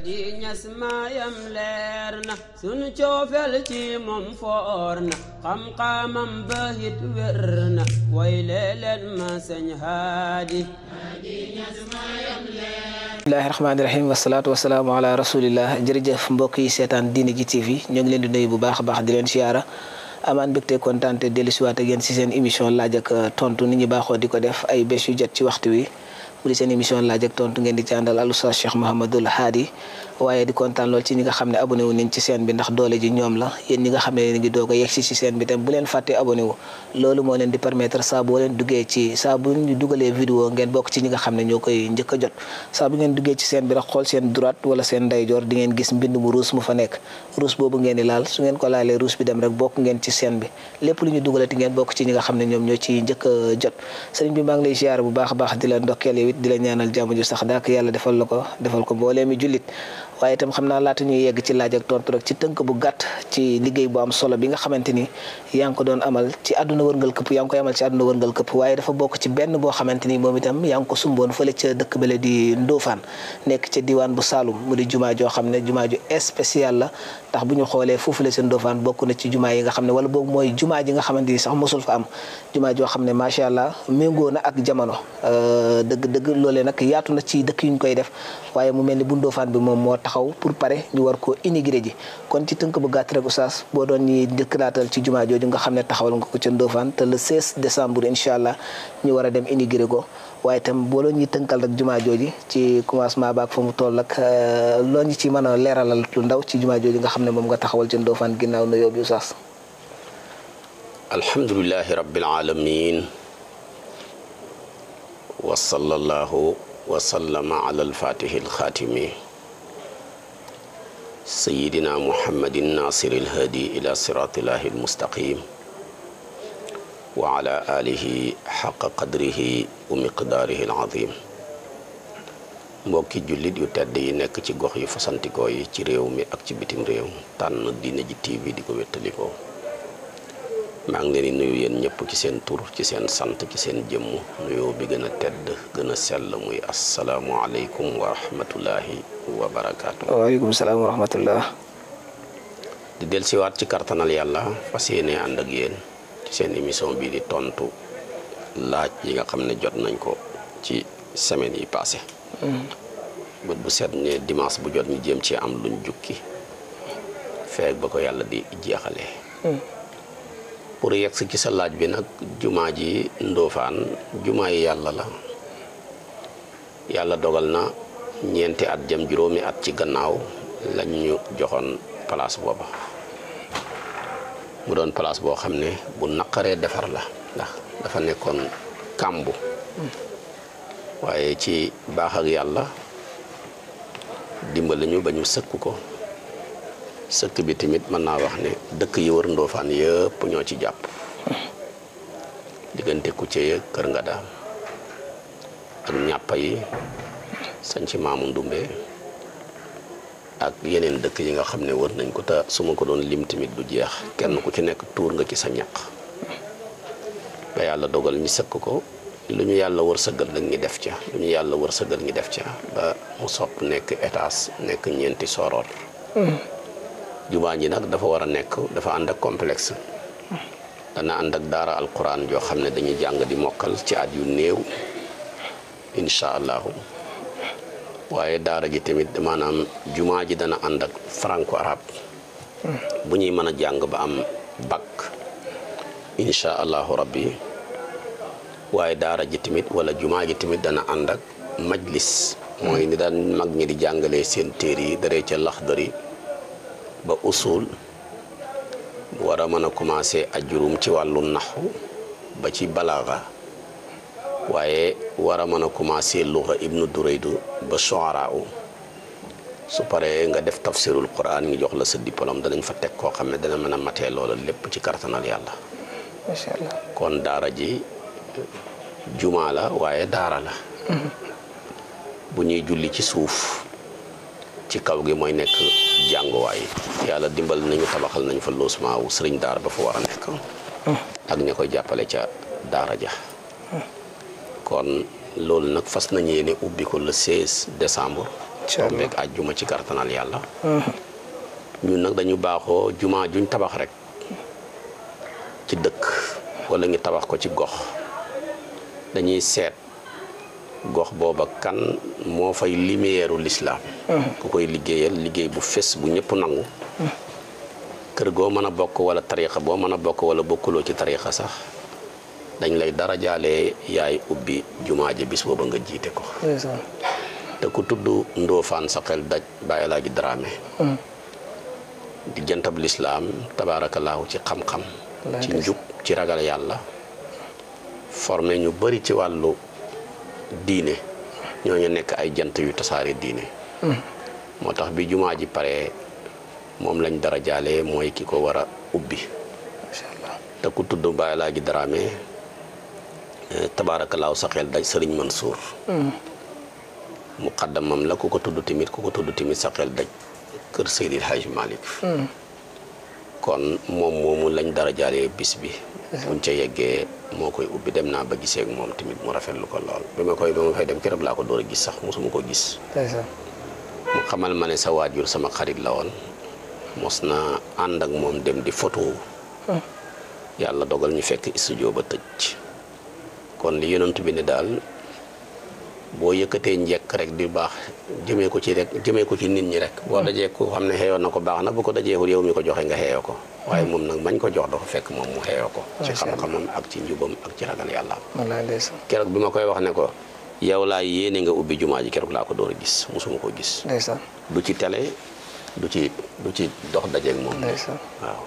di ñas maayam leer na sunu coofel ci moom foor na xam-xamam bahit wér na way leeleen ma sëñ haadi bismillahi rahmaani rahim wasalaatu wasalaamu ala rasulillah jërëjëf mbokk yi seetaan diine ji tv ñoo ngi leen di nuyu bu baax a baax di leen siyaara amaan mbégte kontaan te dellusiwaat ak yéen si seen émission laaj ak tontu ni ñu baaxoo di ko def ay bés yu jot ci waxtu wi li seen émission laaj ak tontu ngeen di ci àndal al waye di contane lol ci ñi nga xamne abonné wu nañ ci seen bi ndax doole ji ñom la yeen ñi nga xamne ñi ngi doga yex ci ci seen bi tam bu leen faté abonné wu lolou mo leen di permettre sa bo leen duggé ci sa bu ñu duggalé vidéo ngeen bok ci ñi nga xamne ñëk jot sa bu ngeen duggé ci seen bi rek xol seen droite wala seen jor di ngeen gis mbind mu rouss mu fa nek rouss bobu ngeen di laal su ngeen ko laalé rouss bi dem rek bok ngeen ci seen bi lepp lu ñu dugalati ngeen bok ci ñi nga xamne ñom ci ñëk jot serigne bi ma ngi lay ziar bu baax baax di la ndokkeel yow di la ñaanal jamm ju sax dak yalla defal lako defal ko mi julit waye tam xamna naa laata ñuy yegg ci laaj ak tontu rek ci teunk bu gatt ci liggey bu am solo bi nga xamanteni yang ko doon amal ci aduna wërngal kep yang ko amal ci aduna wërngal kep waye dafa bok ci benn bo xamanteni momi tam yang ko sumbon fele ci dekk bele di Ndofane nek ci diwan bu salum mu di juma jo xamne juma spécial la ndax bu ñu xoolee foofu la seen Ndofane bokk na ci jumaa yi nga xam ne wala boobu mooy jumaa ji nga xamante ni sax mosul fa am jumaa joo xam ne macha allah méngoo na ak jamono euh, dëgg dëgg loole nag yaatu na ci dëkk yu ñu koy def waaye mu mel ni bu Ndofane bi moom moo taxaw pour pare ñu war ko intégré ji kon ci tënk bu gàtt rek oustaz boo doon ñuy naatal ci jumaa jooju nga xam ne taxawal nga ko ca Ndofane te le 16 décembre incha allah ñu war a dem intégré ko waaye itam boo ñuy tënkal rek jumaa jooji ci commencement baak fa mu toll ak euh, loo ñu ci mën a leeralal lu ndaw ci jumaa jooji nga xam ne moom nga taxawal ci Ndofane ginnaaw na yóbbu saas alhamdulilahi rabbil alamin wa sallallahu wa sallama ala alfatihi alxaatimi sayidina muhammadin alhadi ila siratillahi almustaqim wa ala alihi xaqa qadrihi wa miqdaarihi alazim mbokki jullit yu tedd yi nekk ci gox yu fasantikoo yi ci réew mi ak ci bitim réew tànn diine ji tv di ko wettalikoo maa ngi leen di nuyu yéen ñëpp ci seen tur ci seen sant ci seen jëmm nuyoo bi gën a tedd gën a sell muy asalaamualeykum wa rahmatullahi wa barakaatu. di dellusiwaat ci kartanal yàlla fas yéene ànd ak yéen. seen émission bii di tontu laaj yi nga xam ne jot nañ ko ci semaine yi passé mm-hmm. bët bu set ne dimanche bu jot ñu jéem ci am luñ jukki feeg ba ko yàlla di jeexale mm. pour yegg si ci sa laaj bi nag jumaa ji ndoofaan jumaa yi yàlla la yàlla dogal na ñeenti at jëm juróomi at ci gannaaw lañ ñu joxoon place booba mu doon place boo xam ne bu naqaree defar la ndax dafa nekkoon kàmbu waaye ci baax ak yàlla dimbali ñu ba ñu ko sëkk bi wax ne dëkk yi wër Ndofane yëpp ñoo ci jàpp diggante Koutié Kër Ngada ak ñàppa sañ ci Ndumbe ak yeneen dëkk yi nga xam ne wër nañ ko te suma ko doon lim tamit du jeex kenn ku ci nekk tuur nga ci sa ñaq ba yàlla dogal ñu sëkk ko lu ñu yàlla wër sëgal nag ñi def ca lu ñu yàlla wër sëgal ñi def ca ba mu sopp nekk étage nekk ñeenti soroor ji nag dafa war a nekk dafa ànd ak complexe dana ànd ak daara alquran joo xam ne dañuy jàng di mokkal ci at yu néew incha waaye daara ji tamit maanaam jumaa ji dana ànd ak franco arabe bu ñuy mën a jàng ba am bac incha allahu rabbi waaye daara ji tamit wala jumaa ji tamit dana ànd ak majlis mooy ni daan mag ñi di jàngalee seen téer yi daree ca laxdari ba usuul war a mën a commencé ajurum ci wàllu naxu ba ci balaaga waaye war a mën a commencé luxa ibnu duraydu ba soara u su paree nga def tafsirul quran ñu jox la sa diplôme danañ fa teg koo xam ne dana mën a matee loola lépp ci kartanal yàlla kon daara ji jumaa la waaye daara la mm-hmm. bu ñuy julli ci suuf ci kaw gi mooy nekk jànguwaay yàlla dimbal nañu tabaxal nañu fa loosement wu sëriñ daar ba fa war a nekk mm-hmm. ak ña koy jàppale ca daara ja mm-hmm. kon lol nak fas nañu yéene ubbi ko le 16 décembre. ci allah aljuma ci cardinal yalla ñun nak dañu baxo juma juñ tabax rek ci dëkk wala ngi tabax ko ci gox dañuy seet gox boba kan mo fay lumière l'islam ku koy liggéeyal liggéey bu fess bu ñëpp nangu kër mana mëna a bokk wala tarixa bo mëna bokk wala ci sax dañ lay dara jaale yaay ubbi jumaa ji bis booba nga jiite ko. te ku tudd ndoofaan sa xel daj bàyyi laa ji Dramé. Mm. di jantab lislaam tabaarakallaahu ci xam-xam. ci njub ci ragal yàlla. formé ñu bari ci wàllu diine ñoo ñooñu nekk ay jant yu tasaare diine. Mm. moo tax bi jumaa ji pare moom lañ dara jaale mooy ki ko war a ubbi. te ku tudd bàyyi laa ji Dramé. Eh, tabaarakallaahu sa xel daj sëriñ xadda hmm. muqaddamam la ku ko tudd tamit ku ko tudd tamit sa xel daj kër Seydil Hadj Malick hmm. kon moom moomu lañ dara jaale bis bi buñ ca yeggee moo koy ubbi dem naa ba gisee ak moom tamit mu rafetlu ko lool bi ma koy ba ma fay dem keroog laa ko door a gis sax mosuma ko gis mu xamal ma ne sa waajur sama xarit la woon mos na ànd ak moom dem di photo hmm. yàlla dogal ñu fekk studio ba tëj kon li yonent bi ni daal njekk rek di baax jëmee ko ci rek jëmee ko ci nit ñi rek boo dajee ko xam ne xeeyoon na ko baax na bu ko dajeewul yow mi ko joxe nga xeeyoo ko waaye moom nag mañ ko jox dafa fekk moom mu xeeyoo ko ci xam-xamam ak ci njubam ak yàlla keroog bi ma koy wax ne ko yow laa yéene nga ubbi jumaa ji keroog laa ko door a gis musuma ko gis du ci tale du ci du ci dox dajeeg moom waaw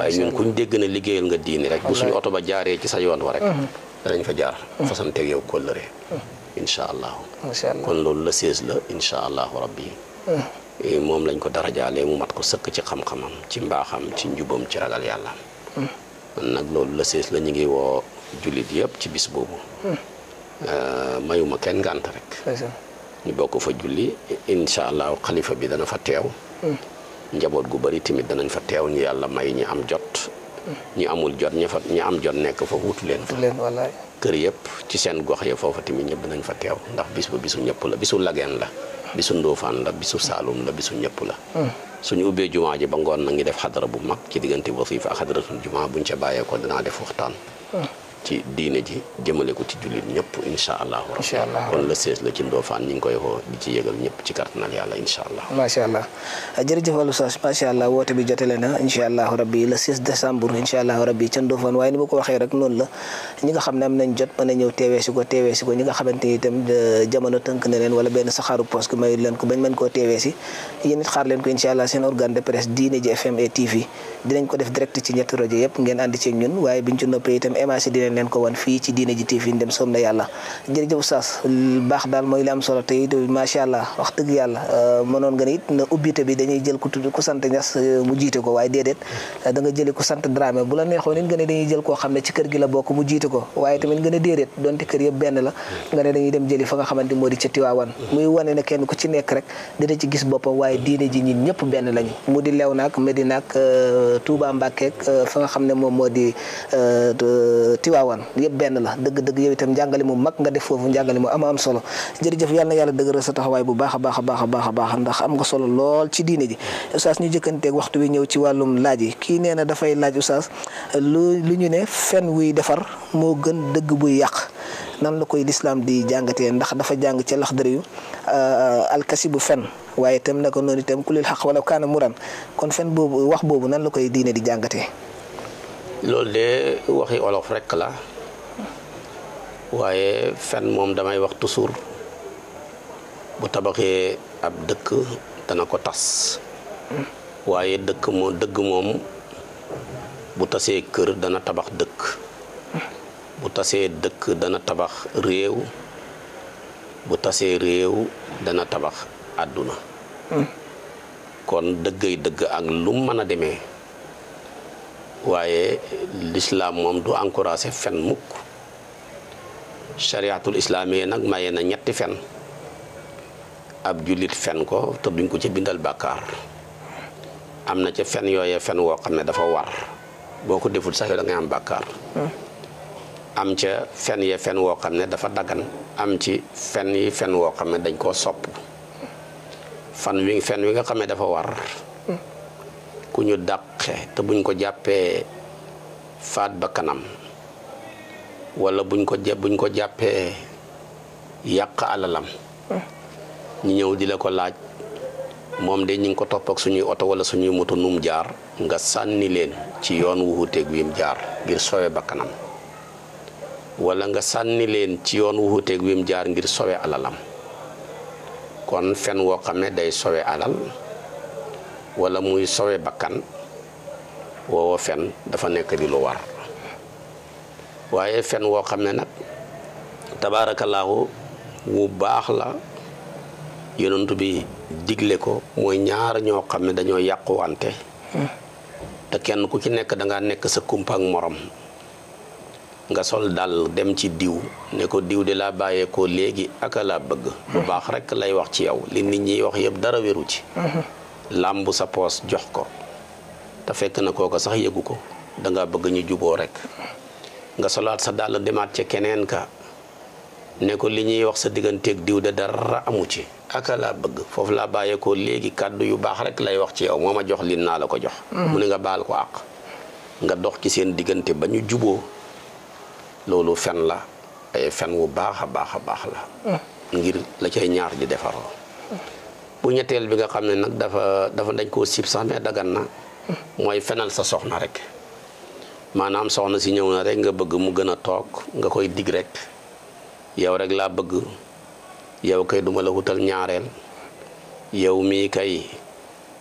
waaye ñun kuñ dégg na liggéeyal nga diini rek bu suñu oto ba jaaree ci sa yoon wa rek mm-hmm. danañ fa jaar. fasanteeg yow kóllëre. Mm. incha allah. incha kon loolu la sées la incha allahu rabbi. Mm. Eh, moom lañ ko darajaalee mu mat ko sëkk ci xam-xamam ci mbaaxam ci njubam ci ragal yàlla. Mm. nag loolu la sées la ñu ngi woo jullit yëpp ci bis boobu. Eh, mayuma kenn ngànt rek. ñu bokk fa julli incha allahu xalifa bi dana fa teew. njaboot gu bari tamit danañ fa teew ñu yàlla may ñi am jot. ñu amul jot ña fa ñu am jot nekk fa wutu leen fa kër yëpp ci seen gox ya foofu tamit ñëpp nañ fa teew ndax bis ba bisu ñëpp la bisu lageen la bisu ndóofaan la bisu saalum la bisu ñëpp la hmm. suñu ubbee jumaa ji ba ngoon na ngi def xadara bu mag ci diggante boo wasifa ak xadaratul jumaa buñ ca bàyyee ko danaa def waxtaan hmm. ci diine ji jëmale ko ci jullit ñëpp incha allahu rabbi kon la sees la allahu rabbi le ca ndoofaan waaye ni ma ko waxee rek noonu la ñi nga xam ne am nañ jot mën a ñëw teewee si ko teewee si ko ñi nga xamante ni itam jamono tënk na wala benn saxaaru poste ku mayu leen ko bañ mën koo teewee si yéen xaar leen ko incha allah seen organe de presse diine ji FM TV dinañ ko def direct ci ñetti rajo yëpp ngeen ànd ci ñun waaye biñ ci noppee itam émagé danañ leen ko wan fii ci diine ji TV dem soom na yàlla jërëjëf Oustaz baax daal mooy li am solo te it macha allah wax dëgg yàlla euh, mënoon nga ne ubbite bi dañuy jël ku tudd ku sant Ñas euh, mu jiite ko waaye déedéet euh, da nga jëli ku sant Dramé bu la neexoon it nga ne dañuy jël koo xam ne ci kër gi la bokk mu jiite ko waaye tamit nga ne déedéet donte kër yëpp benn la nga ne dañuy dem jëli fa nga xamante moo di ca Tiwaawan muy wane ne kenn ku ci nekk rek dina Tiwaawan yëpp benn la dëgg-dëgg yow itam njàngale mu mag nga def foofu njàngale mu ama am solo jërëjëf yal yàlla dëgëral sa taxawaay bu baax a baax a baax a baax a baax ndax am nga solo lool ci diine ji oustaz ñu jëkkanteeg waxtu wi ñëw ci wàllum laaj yi kii nee na dafay laaj oustaz lu lu ñu ne fen wuy defar moo gën dëgg buy yàq nan la koy lislaam di jàngatee ndax dafa jàng ci laxdari yu euh, alkasi bu fen waaye itam naka noonu itam kulil xaq wala kaana muran kon fen boobu wax boobu nan la koy diine di jàngatee loolu de waxi olof rekk la waaye fen moom damay wax toujours bu tabaxee ab dëkk dana ko tas waaye dëkk moo dëgg moom bu tasee kër dana tabax dëkk bu tasee dëkk dana tabax réew bu tasee réew dana tabax àdduna hmm. kon dëggay dëgg ak lu mën a demee waye l'islam mom du encourager fen mukk chariatul islaamiya nak maye na ñetti fen ab julit fen ko te duñ ko ci bindal bakar amna ci fen yoyé fen wo xamné dafa war boko deful sax da nga am bakar am ci fen ye ya fen wo xamné dafa dagan am ci fen yi fen wo xamné sop, dañ ko sopp fan wi fen wi nga xamné dafa war ku ñu dàqe te buñ ko jàppee faat ba kanam wala buñ ko buñ ko jàppee yàq alalam ñu ñëw di la ko laaj moom de ñu ngi ko topp ak suñuy oto wala suñuy moto num jaar nga sànni leen ci yoon wu wuuteeg wim jaar ngir sowe kanam wala nga sànni leen ci yoon wu wuuteeg jaar ngir sowe alalam kon fen woo xam ne day sowe alal wala muy sowe bakkan woowa fen dafa nek di lu war waye fen wo xam nak nag wu bax la yonentou bi diglé ko moy ñaar ño xam dañoo yaqku wante te kenn ku ci nek da nga nek sa kumpa ak morom nga sol dal dem ci diw ne ko diw di la baye ko legi akala bëgg bu baax rek lay wax ci yow li nit ñi wax yeb dara wëru ci Lambu sa pos jox ko ta fekk na koko sax yeguko da nga bëgg ñu jubo rek nga salat sa dal demat ci keneen ka ne ko li ñi wax sa digganteeg diw da dara amu ci akala bëgg fofu la baye ko legi kaddu yu bax rek lay wax ci yow moma jox lin na la ko jox mm-hmm. mu ne nga bal ko ak nga dox ci seen diggante bañu jubo lolu fen la ay fen wu baxa baxa bax la mm. ngir la cey ñaar di defaro mm. bu ñetteel bi nga xam ne nag dafa dafa dañ koo sib sax mais dagan na mooy fenal sa soxna rek maanaam soxna si ñëw na rek nga bëgg mu gën a toog nga koy dig rek yow rek laa bëgg yow kay duma la wutal ñaareel yow mii kay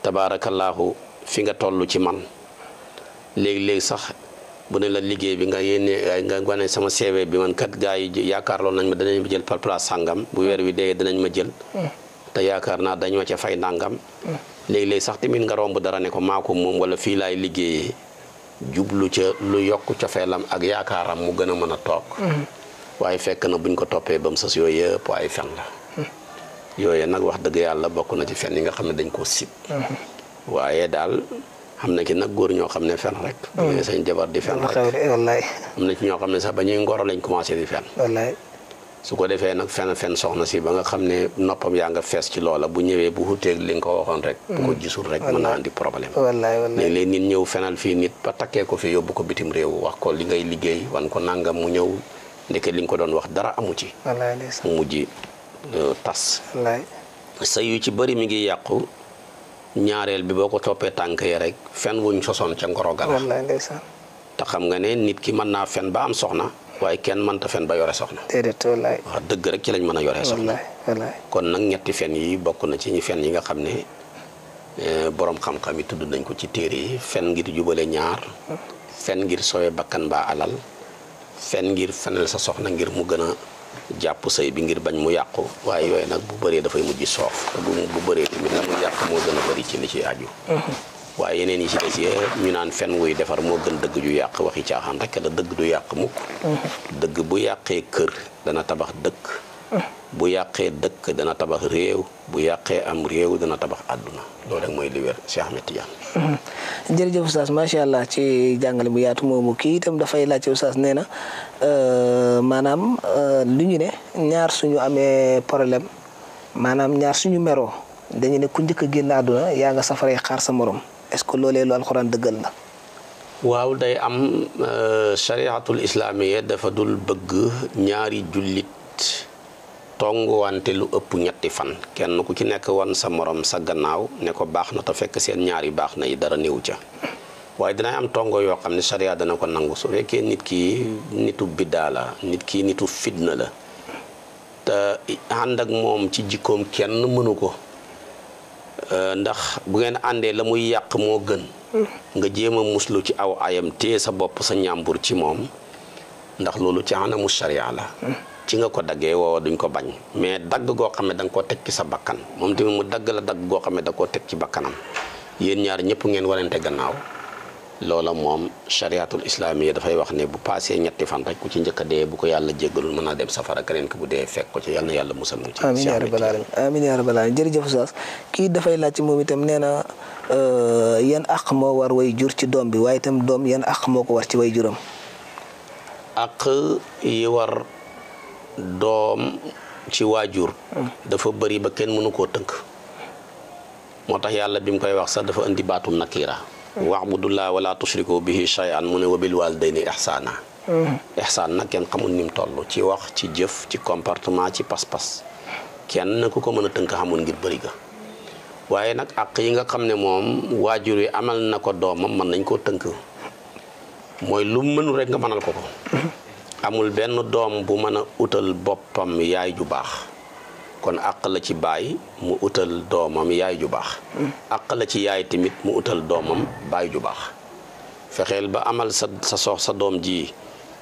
tabaarakallaahu fi nga toll ci man léegi-léegi sax bu ne la liggéey bi nga yennee nga wane sama CV bi man kat gaa yi yaakaarloo nañ ma danañ ma jël par sàngam bu weer wi dee danañ ma jël ta yaakar na dañu ma ca fay nangam leg leg sax timin nga romb dara ne ko mako mom wala fi lay liggey jublu ca lu yok ca feelam ak yaakaram mu gëna mëna tok waye fekk na buñ ko topé bam sas yoy yooyu yëpp ay la yooyu nak wax deug yalla bokku na ci fenn yi nga xamne dañ ko sip waye dal amna ki nak gor ño xamne fenn rek. bu ñu sañ jabar di fenn rek wallahi amna na ci ñoo xam sax bañuy ngor lañ commencé di fenn wallahi su ko defé nak fenn fenn soxna si ba nga xamné ne noppam yaa nga fess ci loola bu ñëwé bu huté li nga waxon rek bu ko mm. gisul rek mëna andi problème léeg le nit ñëw fenal fi nit ba takkee ko fi yobbu ko bitim réew wax ko li ngay liggéey wan ko nangam mu ñëw ndeke li ko doon wax dara amu ci mu euh, tas sa yu ci bari mi ngi yaqku ñaareel bi boko topé tank ya rek fenn wuñ sosoon ci ngoro wallahi la ta xam nga né nit ki mëna fenn ba am soxna waaye kenn mënta fen ba yore soxna. déedéet wallaay waaw dëgg rek ci lañ mën a yoree soxna. kon nag ñetti fen yi bokk na ci ñi fen yi nga xam ne eh, borom xam-xam yi tudd nañ ko ci téere yi fen ngir jubale ñaar. fen ngir sowe bakkan baa alal. fen ngir fenel sa soxna ngir mu gën a jàpp sëy bi ngir bañ mu yàqu waaye yooyu nag bu bëree dafay mujj soof te bu bu bëree tamit la mu yàq moo gën a ci li ci aju. Mm-hmm. waaye yeneen yi ci ñu naan fen wuy defar moo gën dëgg ju yàq waxi caaxaan rek la dëgg du yàq mukk mm-hmm. dëgg bu yàqee kër dana tabax dëkk mm-hmm. bu yàqee dëkk dana tabax réew bu yàqee am réew dana tabax àdduna loolu rek mooy li wér Cheikh Ahmed Tidiane mm-hmm. jërëjëf oustaz macha allah ci jàngale bu yaatu moomu kii itam dafay laajte oustaz nee na euh, maanaam euh, lu ñu ne ñaar suñu amee problème maanaam ñaar suñu meroo dañu ne ku njëkk a génn àdduna yaa nga safaree xaar sa morom est-ce que lolé lu deugal la waaw day am euh, shari'atul islamiyya dafa dul beug ñaari jullit wante lu upp ñetti fan kenn ku ci nek won sa morom sa gannaaw ne ko baax na te fekk seen ñaari baax na yi dara néew ca waye dina am tongo yo xamni ne sharia dana ko nangu su fekkee nit ki nitu bidala nit ki nitu fitna la ta ànd mom ci jikom kenn mënu ko Euh, ndax bu ngeen àndee la muy yàq moo gën nga jéem a muslu ci aw ayam téye sa bopp sa ñàmbur ci moom ndax loolu ci anamu sharia la ci nga ko daggee woowa duñ ko bañ mais dagg goo xam ne da nga koo teg ci sa bakkan moom tamit mu dagg la dagg goo xam ne da koo teg ci bakkanam yéen ñaar ñëpp ngeen warante gannaaw lola mom moom chariatul da ya, wax ne bu passé ñetti fan rek ku ci ñëk dé bu ko yalla jéggalul mëna dem safara keneen ko bu dé fekk ko ci yalla yalla musal mu ci amin ya rabbal alamin amin ya rabbal alamin jërëjëf saas ki da fay lacc mom itam néna euh yan ak mo war way jur ci dom bi waye tam dom yan ak moo ko war ci way juram ak yi war dom ci waajur hmm. dafa bari ba kenn mënu ko teunk motax yalla bim koy wax sax dafa andi nakira واعبدوا الله ولا تشركوا به شيئا من وبالوالدين احسانا أه. احسان نك كان خمون نيم تولو تي واخ تي جيف تي كومبارتمان تي باس باس كين نكو كو مانا تنك خمون غير بريغا waye nak ak yi nga xamne mom wajur yi amal nako domam man nañ ko teunk moy lu mënu rek nga manal ko ko amul benn dom bu mëna utal kon àq ci baay mu outal domam yaay ju bax àq ci yaay timit mu outal domam baay ju bax fexel ba amal sa sa sox sa dom ji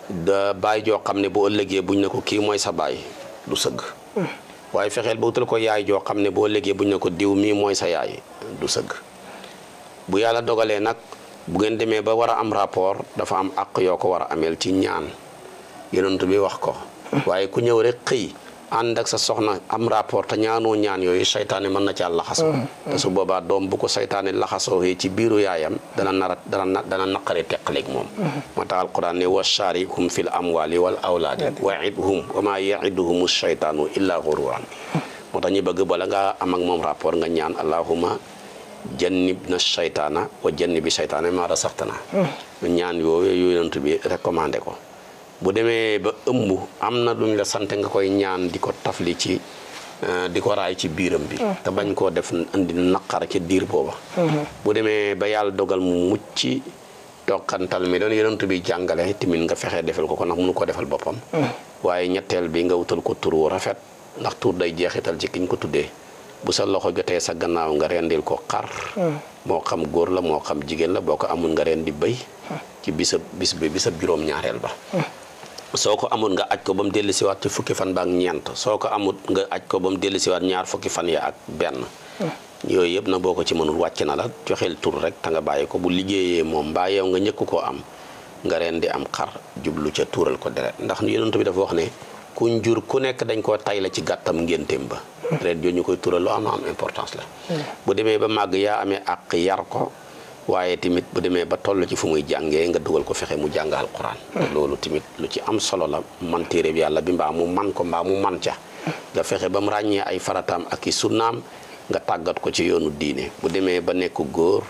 da baay jo xamne bo ëllëgé buñ nako ki moy sa baay du sëgg way fexel ba outal ko yaay jo xamne bo ëllëgé buñ nako diw mii sa yaay du sëgg bu yàlla dogalé nak bu gën démé ba wara am rapport dafa am àq yo ko wara amel ci ñaan yonent bi wax ko waye ku ñëw rek xëy ànd ak sa soxna am rapport ta ñaanoo ñaan yooyu saytaane mën na caa laxasoo mm-hmm. te su boobaa doom bu ko saytaane laxasoo ci biiru yaayam dana nara dana dana naqari teqaleeg moom mm-hmm. moo tax alquran ne wa shaarikhum fil amwaali wal awlaadi wa idhum wa maa yaiduhum shaytaanu illa ghururan mm-hmm. moo tax ñu bëgg bala nga am ak moom rapport nga ñaan allahuma jannib na saytaana wa jannibi saytaana maa razaqtana ñaan yooyu yonent bi recommandé ko bu deme ba eumbu amna duñ la sante nga koy ñaan diko tafli ci euh, diko ray ci biram bi mm-hmm. ta bañ ko def andi naqar ci dir boba mm-hmm. bu deme ba yal dogal mu mucci tokantal mi don yonent bi jangale timin nga fexé defal ko ko nak mënu ko defal bopam mm-hmm. waye ñettel bi nga wutal ko turu rafet ndax tur day jeexital ci kiñ ko tuddé bu sa loxo jotee sa gannaaw nga rendil ko xar mo xam góor la mo xam jigen la boko amul nga rendi bay ci bisab bis bi bisab juroom ñaarel ba soko amut nga aj ko bam mu dellusiwaat ci fukki fan ba ak ñeent soo ko nga aj ko wat ñaar fukki fan ya ak ben yoy yeb na boko ci mënul wacc na la joxel tur rek ta nga bàyyi ko bu liggeye mom mbaa yow nga ko am nga rendi amkar am xar jublu ci tuural ko dere ndax yonent bi dafa wax ne ku njur ku nekk dañ ko tay la ci gattam ngentem ba deret koy lo am am importance la mm. bu ba mag ya amé ak yar ko waaye tamit bu demee ba toll ci fu muy jàngee nga dugal ko fexe mu jàng alquran. loolu tamit lu ci am solo la man téereb yàlla bi mbaa mu man ko mbaa mu man ca. nga fexe ba mu ràññee ay farataam ak i sunnaam nga tàggat ko ci yoonu diine bu demee ba nekk góor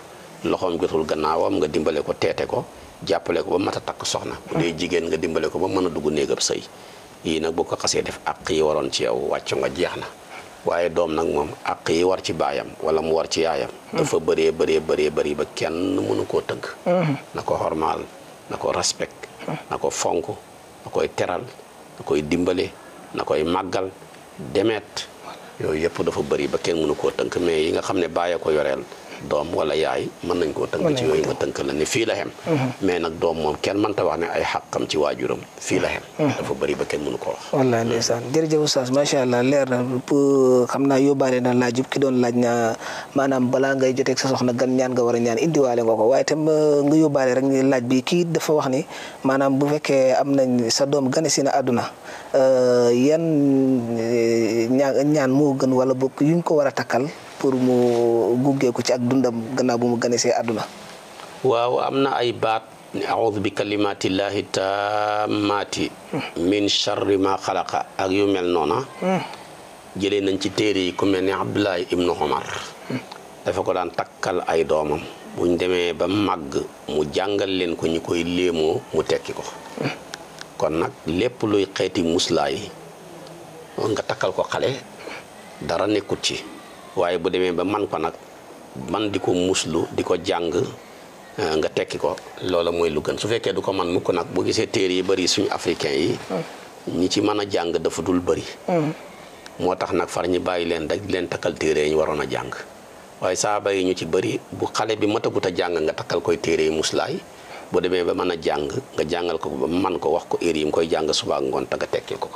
loxoom jotul gannaawam nga dimbale ko teete ko jàppale ko ba mat a takk soxna. bu dee jigéen nga dimbale ko ba mën a dugg néegab sëy yii nag boo ko xasee def àq yi waroon ci yow wàcc nga jeex na. waaye doom nag moom àq yi war ci baayam wala mu war ci yaayam. dafa bëree bëree bëree bëri ba kenn mënu koo tëgg. Mm-hmm. na ko xormaal na ko respect. Mm-hmm. na ko fonk na koy teral na koy dimbale na koy màggal demeet yooyu yëpp dafa bëri ba kenn mënu koo tënk mais yi nga xam ne bàyyi ko yoreel doom wala yaay mën nañ koo tënk ci yooyu nga tënk la ne fii la xem mm-hmm. mais nag doom moom kenn mënta wax ne ay xàqam ci waajuram fii la xem mm-hmm. dafa bëri ba kenn mënu ko wax wallaahi ndeysaan leer na xam naa yóbbaale na laaj ki doon laaj na maanaam balaa ngay joteeg sa soxna gan ñaan nga war a ñaan indiwaale nga ko waaye tam uh, nga yóbbaale rek ni laaj bi kii dafa wax ni maanaam bu fekkee am nañ sa doom gane si na àdduna uh, yan uh, ñaan moo gën wala bokk yuñ ko war a takkal pour mu gunge ko ci ak dundam gannaaw bu mu ganesee àdduna waaw am na ay baat ne audu bi kalimatillahi taammaati min charri ma xalaqa ak yu mel noona hmm. jëlee nañ ci téere yi ku mel ne Abdoulaye Ibnu Omar hmm. dafa ko daan takkal ay doomam buñ demee ba màgg mu jàngal leen ko ñu koy léemoo mu tekki ko hmm. kon nag lépp luy xeeti muslaay nga takkal ko xale dara nekkut ci waye bu demee ba man ko nak man diko muslu di jang eh, nga tekki ko lolo moy lu gën su fekke du ko man muko nak bu gisé terre yi bari suñu africain yi ñi ci mëna a dafa dul bari motax nak nag far ñi bàyyi len rek leen ñu ñu ci bari bu xalé bi mata guta jang nga takal koy terre yi muslay bu demee ba mën a nga jangal ko ba man ko wax ko heure yi koy jang suba ngon ta nga tekki ko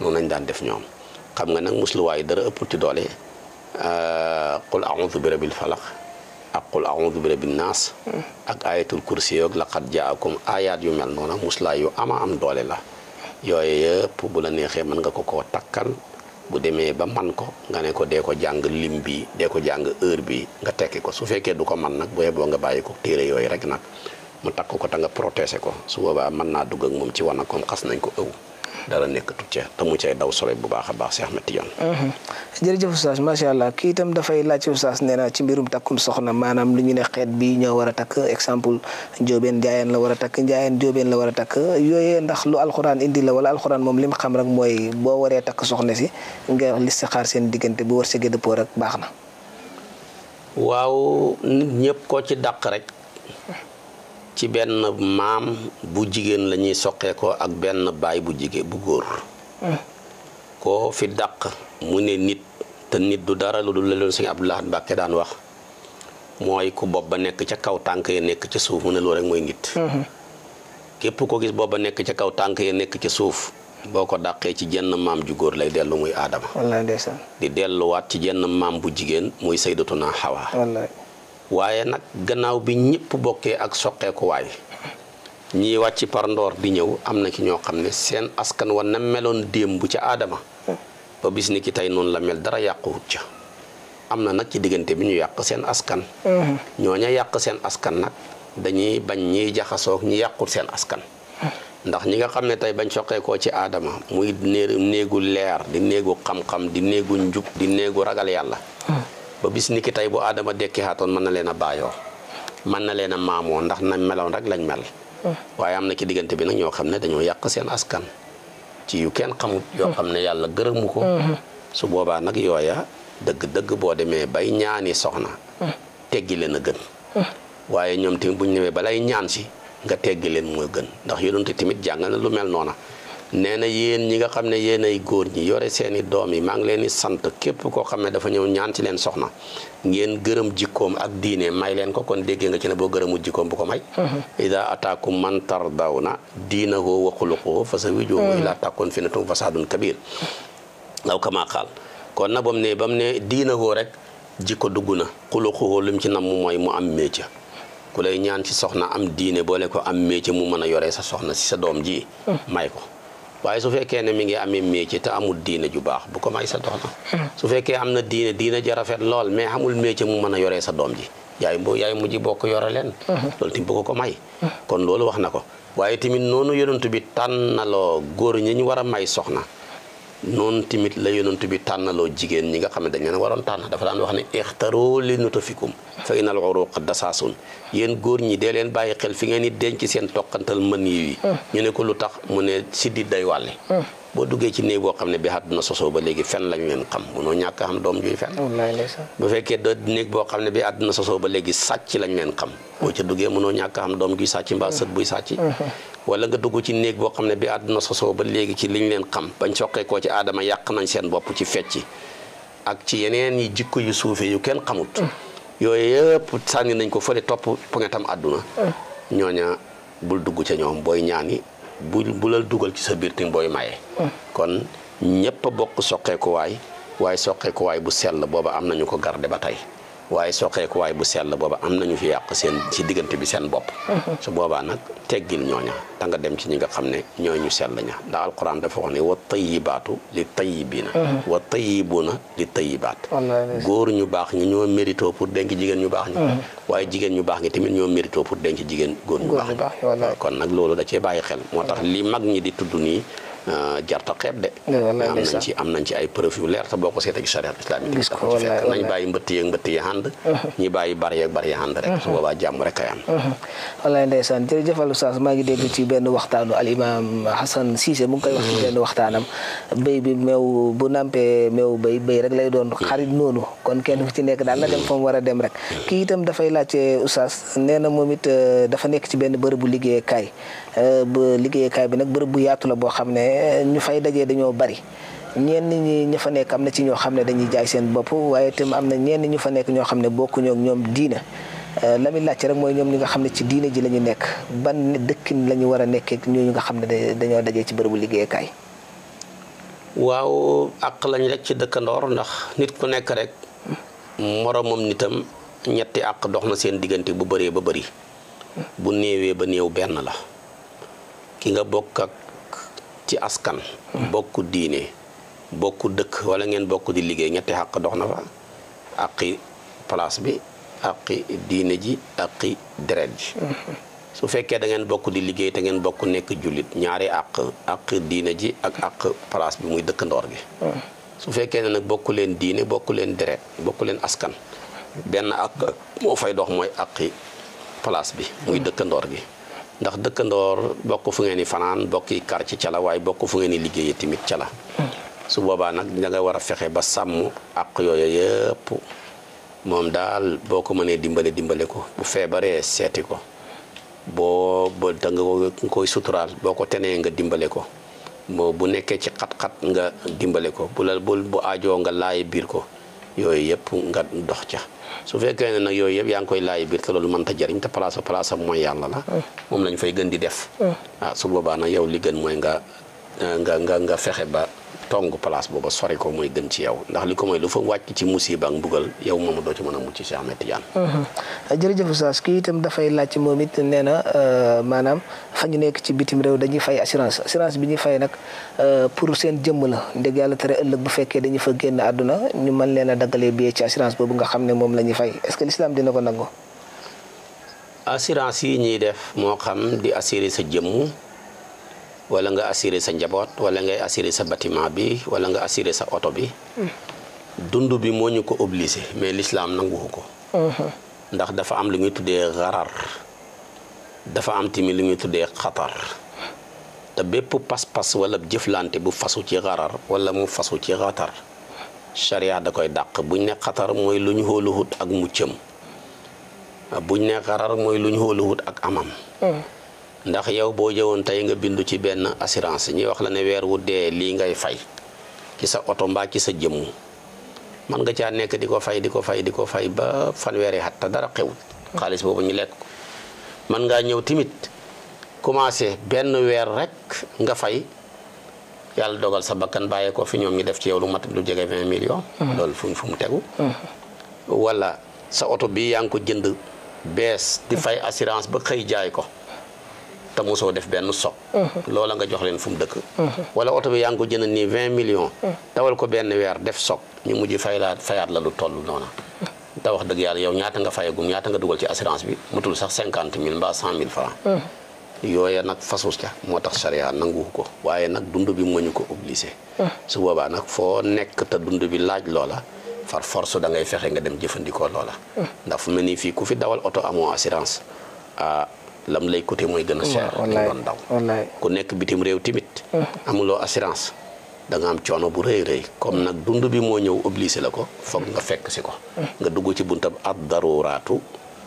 non lañ daan def ñoom xam nga dara ëpp ci doole qul a'udhu bi rabbil falaq ak qul a'udhu bi rabbin naas ak ayatul kursi yoog laqad jaakum ayaat yu mel noonu muslaa yu ama am doole la yooye yëpp bu la neexee mën nga ko koo takkal bu demee ba man ko nga ne ko dee ko jàng lim bi dee ko jàng heure bi nga tekki ko su fekkee du ko man nag bu yeboo nga bàyyi ko téere yooyu rek nag mu takk ko ta nga protéger ko su boobaa mën naa dugg moom ci wan ak comme xas nañ ko ëw dara nekkatu ca te mu cay daw solo bu baax a baax Cheikh Ahmed Tidiane. Mm-hmm. jërëjëf oustaz macha allah kii itam dafay laaj oustaz nee na ci mbirum takkum soxna maanaam lu ñu ne xeet bi ñoo war a takk exemple njóobeen njaayeen la war a takk njaayeen njóobeen la war a takk yooyee ndax lu alxuraan indi la wala alxuraan moom lim xam rek mooy boo waree takk soxna si nga listixaar seen diggante bu war si dëppoo rek baax na. waaw nit ñëpp koo ci dàq rek. ci ben mam bu jigen la soxé ko ak ben baay bu jigé bu góor hmm. ko fi dak mu né nit te nit du dara lu dul la leen seigne Abdoulahat Mbàkke daan wax moy ku bopp ba nekk ca kaw tank ye ya nek ci souf mu né lo rek moy nit hmm. képp ko gis booba nek ci kaw tank ye ya nek ci souf boko daké ci jenn mam ju lay muy di wat ci jenn mam bu jigen muy hawa wallahi waaye nag gannaaw bi ñëpp bokkee ak soqeeku waay ñiy wàcc par ndoor di ñëw am na ci ñoo xam ne seen askan wa na meloon démb ca aadama ba bis ki tey noonu la mel dara yàquwut ca am na nag ci diggante bi ñu yàq seen askan mm-hmm. ñooña yàq seen askan nag dañuy bañ ñiy jaxasoog ñi yàqul seen askan mm-hmm. ndax ñi nga xam ne tey bañ soqeekoo ci aadama muy néegu leer di néegu xam-xam di néegu njub di néegu ragal yàlla mm-hmm. ba bis ni ki tey bu aadama dekki xaatoon mën na leen a baayoo mën na leen a maamoo ndax na meloon rek lañ mel mm. waaye am na ci diggante bi nag ñoo xam ne dañoo yàq seen askan ci yu kenn xamut yoo mm. xam ne yàlla gërëmu ko mm-hmm. su boobaa nag yooya dëgg-dëgg boo demee bay ñaani soxna mm. teggi leen a gën waaye ñoom tamit bu ñu ba balay ñaan si nga teggi leen mooy gën ndax yonent tamit jàng na lu mel noona nee na yéen ñi nga xam ne yéen ay góor ñi yore seeni doom yi maa ngi leen di sant képp koo xam ne dafa ñëw ñaan ci leen soxna ngeen gërëm jikkoom ak diine may leen ko kon déggee nga ci ne boo gërëmul jikkoom bu ko may uh-huh. ida ataakum man tardawna diinahu wa xuluquhu fa zawwijuuhu uh-huh. ilaa takun fitnatun fasaadun kabiir aw kamaa qaal kon na bam ne ba mu ne diinahu rek jikko dugg na xuluquhu lu mu ci nam mooy mu am métier ku lay ñaan ci soxna am diine boole ko am métier mu mën a yore sa soxna si sa doom ji uh-huh. may ko waaye su fekkee ne mi ngi amee métier te amul diine ju baax bu ko may sa doxna su fekkee am na diine diine ja rafet lool mais amul métier mu mën a yore sa doom ji yaay yaay mujj bokk yore leen loolu tim bu ko ko may kon loolu wax na ko waaye tamit noonu yonent bi tànnaloo góor ñi ñu war a may soxna noonu tamit la yonent bi tànnaloo jigéen ñi nga xam ne dañ leen waroon tànn dafa daan wax ne ixtaroo li nutafikum fa inal uruq dasaasun yéen góor ñi dee leen bàyyi xel fi ngeen di denc seen toqantal mën yi mm. ñu ne ko lu tax mu ne siddi day wàlle mm. boo duggee ci néeg boo xam ne bi àdduna sosoo ba léegi fen lañu leen xam munoo ñàkk xam doom juy fen bu fekkee doo néeg boo xam ne bi àdduna sosoo ba léegi sàcc lañ leen xam boo ca duggee munoo ñàkk xam doom juy sàcc mbaa sët buy sàcc wala nga dugg ci néeg boo xam ne bi àdduna sosoo ba léegi ci liñ leen xam bañ soqee koo ci aadama yàq nañ seen bopp ci fecc ak ci yeneen yi jikko yu suufe yu kenn xamut yooyu yëpp sànni nañ ko fële topp poŋetam àdduna mm. ñooña bul dugg ca ñoom booy ñaani bu bu la dugal ci sa biir tin booy maye. Mm. kon ñëpp a bokk soqeekuwaay waaye soqeekuwaay bu sell booba am nañu ko garde ba tey. waaye soqeeku waaye bu sell booba am nañu fi yàq seen ci diggante bi seen bopp mhm. su boobaa nag teggil ñooña da nga dem ci ñi nga xam ne ñoo ñu sell ña ndax alquran dafa wax ne wa tayibaatu li tayibiina mhm. wa tayibuuna li tayibaat góor ñu baax ñi ñoo mérito pour denc jigéen ñu baax ñi mhm. waaye jigéen ñu baax ñi tamit ñoo mérito pour denc jigéen góor ñu baax ñi kon nag loolu da cee bàyyi xel moo tax li mag ñi di tudd nii Ah, jarta xeeb de am nañ ci am nañ ci ay preuve yu leer te boo ko seetee ci charia islamique gis ko ci fekk nañ bàyyi mbëtt yeeg mbëtt yi ànd uh-huh. ñi bàyyi bari yeeg bari yi ànd rek uh-huh. su boobaa rek ay am uh-huh. wallaay ndeysaan jërëjëf Oustaz maa ngi dégg ci benn waxtaanu al imam Hassan Cissé mu ngi koy wax benn waxtaanam béy bi meew bu nampee meew béy béy rek lay doon hmm. xarit noonu kon kenn ku ci nek dal la dem fam wara dem rek ki itam fay laajte oustaz nee na moom it euh, dafa nekk ci benn bërëbu liggéeykaay euh, ba kay bi nak beur bu yaatu la bo xam ñu fay dajé dañoo bari ñen ñi ñu fa nek amna ci ño xam dañuy jaay seen bop waye tam amna na ñu fa nek ño xam ne bokkuñoo ak diina euh, la muy rek moy ñom ñi nga ci diina ji lañu nek ban dëkkin la wara nek ak nekkee ñooñu nga xam ne dañoo dajee ci bërëbu kay waaw ak lañ rek ci ndor ndax nit ku nekk rek moromam nitam ñetti ak doxna na seen digënté bu bëré ba bëri bu néwé ba néw ben la ki nga bokk ak ci askan bokk diiné bokk dëkk wala ngeen bokk di liggé ñetti ak doxna fa ak place bi ak diiné ji ak deret su fekké da ngeen bokk di liggé té ngeen bokk nekk julit ñaari ak ak diiné ji ak ak place bi muy ndor gi su fekkee ne nag bokku leen diine bokku leen dere bokku leen askan benn ak moo fay dox mooy aqi place bi muy mm. dëkkandoor gi ndax dëkkandoor bokk fu ngeen ni fanaan bokki quartier ca la waaye bokk fu ngeen ni liggéeyee tamit ca la mm. su boobaa nag da nga war a fexe ba sàmm ak yooyu yëpp moom daal boo ko mënee dimbale dimbale ko bu feebaree seeti ko boo ba da nga koy sutural boo ko nga dimbale ko moo bu nekké ci khat khat nga dimbalé ko bu bu ajoo nga lay bir ko yoy yep nga dox ca su fekkee ne nag yooyu yëpp yaa ngi koy laay biir te loolu mënta jëriñ te place place am mooy yàlla la mom lañ fay gën di def ah, ah su boba nag yow li gën moy nga nga nga nga fexé ba tong bo ba sori ko mooy gën ci yow ndax liko moy lu fa wacc ci musiba ak mbugal yow momu do ci mëna mu ci cheikh Ahmed Tidiane uh-huh. jeuf oustaz kii itam da fay lacc momit neena euh manam fa ñu nekk ci bitim rew dañuy fay assurance assurance bi ñuy fay euh pour sen jëm la ndeg yalla tere ëlëk bu fekke dañuy fa génn aduna ñu man leena dagalé bi ci assurance bobu nga xamne mom lañuy fay est ce que l'islam dina ko nango assurance yi ñi def mo xam di assurer sa jëm wala nga assuré sa njabot wala walangga assuré sa bâtiment bi wala nga assuré sa auto bi dundu bi moñu ko obligé mais l'islam ndax dafa am lu ñuy tuddee dafa am timi lu ñuy tuddee te bépp pas-pas wala jëflanté bu fasu ci gharar wala mu fasu ci khatar sharia da koy dakk buñ né khatar moy luñ holuhut ak muccëm buñ né gharar moy luñ holuhut ak amam ndax yow bo jëwoon tay nga bindu ci ben assurance ñi wax la ne wër wu dé li ngay fay ci sa auto mba ci sa jëm man nga caa nekk diko fay diko fay diko fay ba wéré hatta dara xewut xaliss bobu ñu lek man nga ñew timit commencé ben weer rek nga fay yalla dogal sa bakkan baye ko fi ñom ñi def ci yow lu mat lu jégué 20 millions mm-hmm. lool fuñ fuñ téggu mm-hmm. wala sa auto bi yang ko jënd bes di fay assurance ba xey jaay ko ta so def ben sok mhm. lola nga jox len fum mhm. deuk wala auto bi yang ko jëna ni 20 millions tawal mhm. ko ben wer def sok, ñu mujj faylaat fayat la lu tollu nona ta wax deug yalla yow ñaata nga fayagum ñaata nga duggal ci assurance bi mutul sax 50000 ba 100000 francs yoy nak fasus ca motax sharia nangou ko waye nak dundu bi moñu ko obligé su boba nak fo nek ta dundu bi laaj lola far force da ngay fexé nga dem jëfëndiko lola ndax fu melni fi ku fi dawal auto amo assurance a ah, lam lay coûté mooy gën a cher li doon daw ku nekk bitim réew timit uh-huh. amuloo assurance da am coono bu rëy rëy comme uh-huh. nag dund bi moo ñëw obligé la ko foog nga uh-huh. fekk si ko nga dugg ci buntab ad daruraatu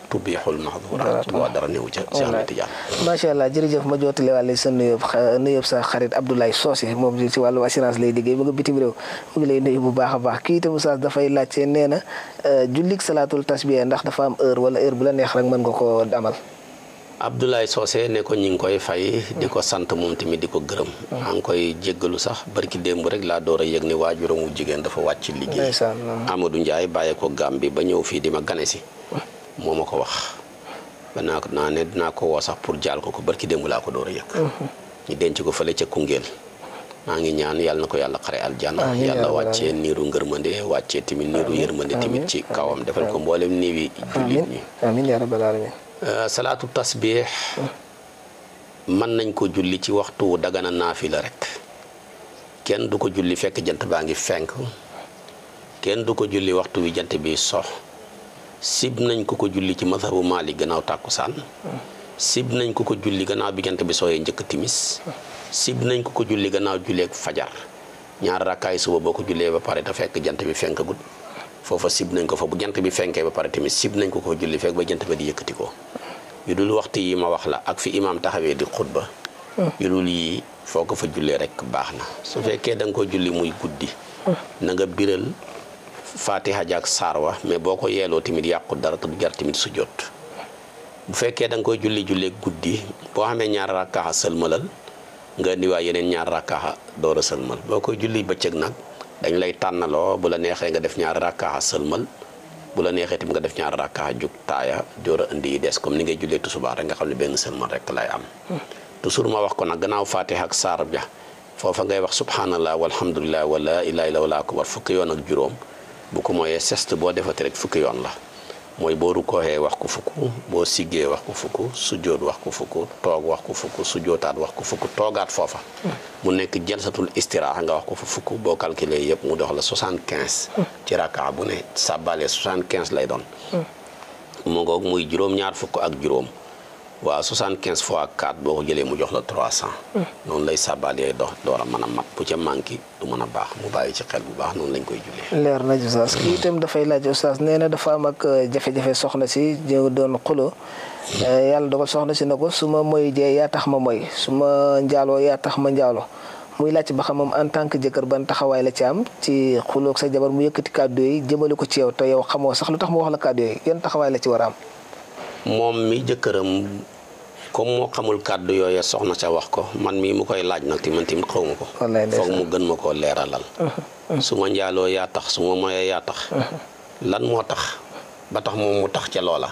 tubiixul mahduuraat waa dara néew ca si am tijaan macha allah ma jootale wàlle sa nuyób nuyób sa xarit Abdoulaye Socé moom si wàllu assurance lay liggéey mu nga bitim réew mu ngi lay nuyu bu baax a baax kii itam Oustaz dafay laajte nee na euh, jullik salaatul tasbiya ndax dafa am heure wala heure bu la neex rek man nga ko amal Abdoulaye Socé ne ko ñi ngi koy fay. di ko sant moom tamit di ko gërëm. maa ngi koy jéggalu sax barki démb rek laa door a yëg ne waajuram wu jigéen dafa wàcc liggéey. Amadou Ndiaye bàyyee ko bi ba ñëw fii di ma gane si. moo ma ko wax. ba naa ko naa ne dinaa ko woo sax pour jaal ko ko ki démb laa ko door a yëg. Mhm. ñu denc ko fële ca Koungheul. maa ngi ñaan yàlla na ko yàlla xare aljana yàlla wàccee niiru ngërmande wàccee tamit niiru yërmande tamit ci kawam defal ko mboolem niiwi Eh, salatu tasbih man nañ ko julli ci waxtu dagana nafila rek ken du ko julli fek jant baangi fenk ken du ko julli waxtu wi jant bi sox sib nañ ko ko julli ci mazhabu malik gannaaw takusan sib nañ ko ko julli gannaaw bi jant bi soye njëkk timis sib nañ ko ko julli gannaaw ak fajar ñaar rakkaay suba boko ko ba pare da fek jant bi fofu sib nañ ko fa bu jant bi fenké ba paré tamit sib nañ ko ko julli fek ba jant ba di yëkëti ko yu dul waxti yi ma wax la ak fi imam taxawé di khutba yu dul yi foko fa rek baxna su fekkee dang ko julli muy guddi na nga biral fatiha jak sarwa mais boko yélo timit yaqku dara tu du jar tamit su jot bu fekkee dang ko julli jullee guddi bo xamé ñaar rakka sëlmalal nga indiwaay yenen ñaar rakka do julli beccëk nak dañ lay tànnaloo bu la neexee nga def ñaari rakkaa sëlmal bu la neexee tam nga def ñaari rakkaa jug taaya door a indi yi des comme ni ngay jullee tusubaar rek nga xam ne benn sëlmal rek lay am toujours ma wax ko nag gannaaw faatiha ak saar ja foofu ngay wax subhanallah walhamdulilah wala ilaha illa wala war fukki yoon ak juróom bu ko mooyee sest boo defati rek fukki yoon la mooy boo rukkooxee wax ko fukk boo siggee wax ko fukk sujjóot wax ko fukk toog wax ko fukk sujjóotaat wax ko fukk toogaat foofa mu nekk jalsatul istiraaxa nga wax ko fu fukk boo calculer yëpp mu dox la 75 ci rakka bu ne sàbbaale quinze lay doon mu ngoog muy juróom-ñaar fukk ak juróom waaw 75 fois 4 boo ko jëlee mu jox la 300. Hmm. noonu lay sàbbalee dox door a mën a mat bu ca manqué du mën a baax mu bàyyi ci xel bu baax noonu lañ koy jullee. leer dafay laaj Oustaz nee na dafa am ak euh, jafe-jafe soxna si jéego doon xulo euh, yàlla dogal soxna si ne ko su ma mooy jee yaa tax ma mooy su ma njaaloo yaa tax ma njaalo muy laaj ba xam en tant que jëkkër ban taxawaay la ci am ci xuloog sa jabar mu yëkkati kàddu yi jëmale ko ci te yow xamoo sax lu tax mu wax la kàddu yooyu yan taxawaay la ci war a comme moo xamul kàddu yooyu soxna ca wax ko man mii mu koy laaj na ti man xaw ma ko foog mu gën ma koo leeralal uh-huh, uh-huh. suma ma njaaloo yaa tax suma ma yaa tax uh-huh. lan moo tax ba tax moom mu tax ca loola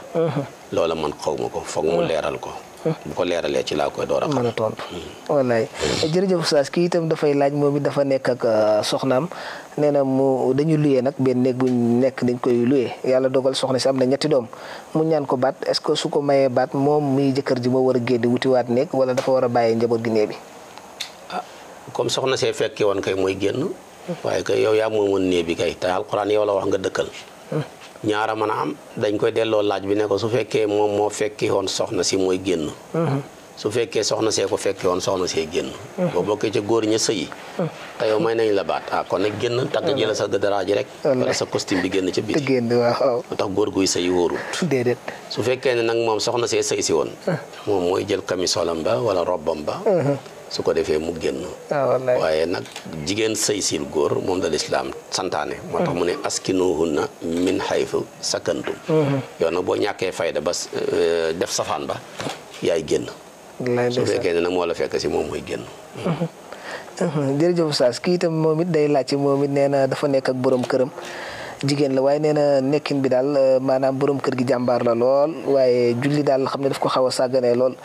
loola man xaw ma ko foog mu leeral ko bu ko leeralee ci laa koy door a mën a tontu hmm. wallaay hmm. jërëjëf Oustaz kii itam dafay laaj moom it dafa nekk ak uh, soxnaam nee na mu dañu luye nag benn néeg bu nekk dañ koy luyee yàlla dogal soxna si am na ñetti doom mu ñaan ko baat est-ce que su ko mayee baat moom muy jëkkër ji moo war a génn wutiwaat néeg wala dafa war a bàyyi njaboot gi néeg bi ah comme soxna see fekkee woon kay mooy génn hmm. waaye kay yow yaa moomoon néeg bi kay te alxuraan yow la wax nga dëkkal ñaara mën a am dañ koy delloo laaj bi ne ko su fekkee moom moo fekki woon soxna si mooy génn mm-hmm. su fekkee soxna see ko fekki woon soxna see génn mm-hmm. boo bokkee ca góor ña sëyi mm-hmm. te yow may la baat ah kon nag génn takk jëla sa dara ji rek sa costume bi génn ca biir génn waaw lu tax góor guy sëyi wóorut déedéet su fekkee ne nag moom soxna see sëy si woon moom mooy jël camisolam ba wala robbam ba su ko defee mu génn ah, waaye nag jigéen sëy sil góor moom la lislaam santaane moo tax mu ne askinuhunna min haythu sakantum mhm. yow nag boo ñàkkee fayda ba euh, def safaan ba yaay génn su fekkee ne nag moo la fekk si moom mooy génn mhm. Mhm. jërëjëf Oustaz kii itam moom it day laajte moom it nee na dafa nekk ak boroom këram jigéen la waaye nee na nekkin bi daal euh, maanaam borom kër gi jàmbaar la lool waaye julli daal xam ne daf ko xaw a sàgganee lool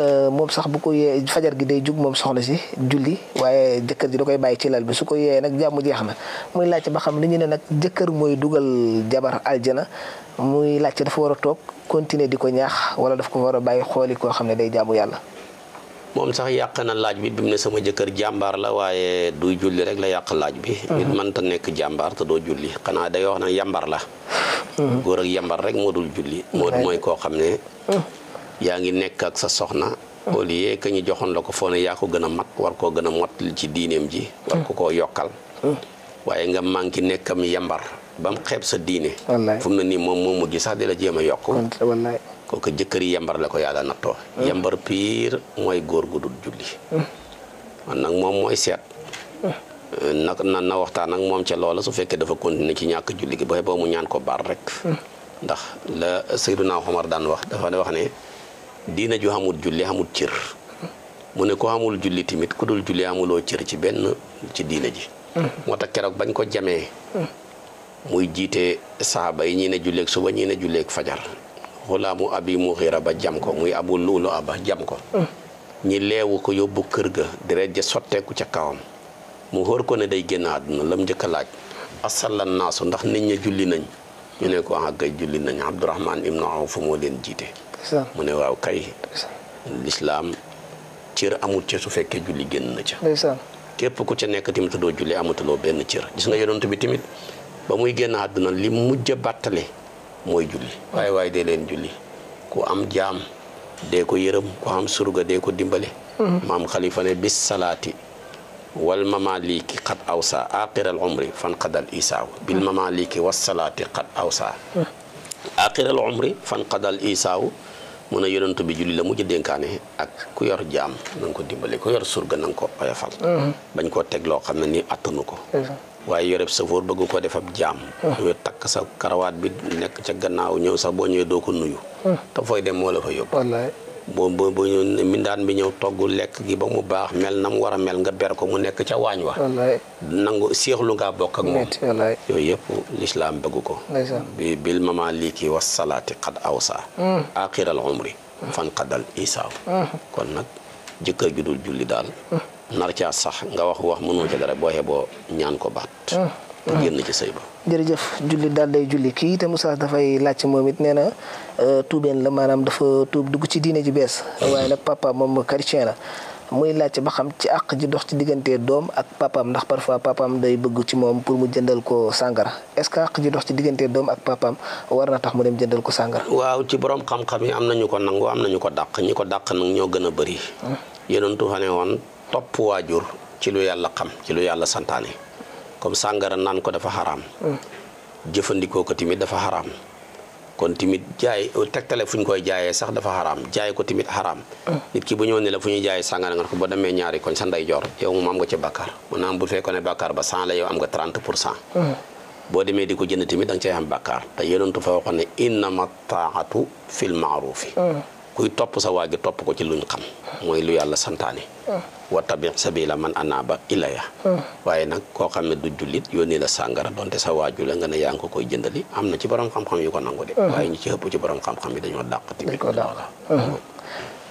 euh, moom sax bu ko yee fajar gi day jub moom soxna si julli waaye jëkkër ji da koy bàyyi ci lal bi su ko yee nag jàmm jeex na muy laajte ba xam li ñu ne nag jëkkër mooy dugal jabar aljana muy laajte dafa war a toog continuer di ko ñaax wala daf ko war a bàyyi xooli koo xam ne day jaamu yàlla mom sax yakana laaj bi bi ne sama jeuker jambar la waye du julli rek la yak laaj bi mhm. nit ta nek jambar te do julli xana day wax na yambar la mhm. góor ak yambar rek modul julli mod moy ko xamne mhm. yaangi nek ak sa soxna au lieu ke ñu joxon lako ko foo ko gëna mat war ko gëna mot ci diineem ji war ko ko yokal waye nga manki nekam yambar bam xeb sa diine fu mu mom gi sax dila jema ko jëkkër yi yambar la ko yàlla natto yambar piir moy gor gu dul julli man nak mom moy set nak na na waxtaan nak mom ci loolu su fekke dafa continuer ci ñak julli gi boy bo mu ñaan ko bar rek ndax la sayyiduna umar daan wax dafa ne wax ne diina ju xamul julli xamul cër mu ne ko hamul julli timit ku dul julli lo cër ci ben ci diina ji motax kérok bañ ko jame muy jité saaba yi ñi ne ak suba ñi ne ak fajar Holamu abi khira ba jam ko muy abu lulu aba jam ko mm. ñi leewu ko yobbu keur ga je sotte ku ca kawam mu hor ko ne day génn àdduna lam jëk laaj asallan naasu ndax nit ñi julli nañ ñu ne ko ha ah, gay julli nañ abdurrahman ibn awf mo len jité mu ne waaw kay l'islam ciir amul ci su fekke julli genn na ca kep ku ca nekk tamit do julli lo ben ciir gis nga yonent bi timit ba muy li mujjé mooy julli waaye waaye dee leen julli ku am jaam dee ko yërëm ku am surga dee ko dimbale maam xalifa ne bis salaati wal mamaliki xat awsa aqiral umri fan qadal isaaw bil a yonent bi julli la mujj dénkaane ak ku yor jaam na ko dimbale ku yor surga na nga ko oyofal mm-hmm. bañ koo teg loo xam ne ni attanu ko waaye yoreb safoor bëgg ko def ab jaam. yooyu ah. takk sa karawaat bi nekk ca gannaaw ñëw sax boo ñëwee doo ko nuyu. Ah. te fooy dem moo la fa yóbbu. wallaay boo bi ñëw togg lekk gi ba mu baax mel na mu war a mel nga ber ko mu nekk ca waañ wa. wallaay nangu séexlu ngaa bokk ak moom. yooyu yëpp lislaam bëgg ko. bi bil mama lii kii was salaati xad awsa. Hmm. axiral umri. Hmm. fan xadal isaaw. Hmm. kon nag jëkkër ju dul julli daal. nar caa sax nga wax wax mënul ci dara boo xeboo ñaan ko baat. Mm, mm. génn ci sëy ba. jërëjëf julli daal day julli kii itam Oustaz dafay laaj moom it nee na euh, tuubeen la maanaam dafa tuub dugg ci diine ji bees. Mm. waaye nag papa moom chrétien la. muy laajte ba xam ci àq ji dox ci diggante doom ak papaam ndax parfois papaam day bëgg ci moom pour mu jëndal ko sàngara est-ce que ji dox ci diggante doom ak papaam war na tax mu dem jëndal ko sàngara. waaw ci borom xam-xam yi am nañu ko nangu am nañu ko dàq ñi ko dàq nag ñoo gën a bëri. yéen a woon topp waajur ci lu yàlla xam ci lu yàlla santaane comme sàngara naan ko dafa xaraam mm. jëfandikoo ko tamit dafa xaraam kon tamit jaay tegtale fu ñu koy jaayee sax dafa xaraam jaay ko tamit xaraam mm. nit ki bu ñëw nee la fu ñuy jaayee sàngara nga ko demee ñaari koñ sa ndey joor yow moom am nga ci bàkkaar ne bàkkaar ba 100 la yow am pour cent mm. boo demee di ko jënd tamit da nga cay am bàkkaar te yonentu fa waxoon ne innama taatu fil maarufi kuy topp sa waa topp ko ci luñ xam mooy lu yàlla santaane wa tabi sabila man anaaba ilaya waaye nag koo xam ne du jullit yónnee la sàngara donte sa waaju la nga ne yaa ngi ko koy jëndali am na ci borom xam-xam yu ko nangu de mm-hmm. waaye ñu ci ëpp ci borom xam-xam yi dañoo dàq tamit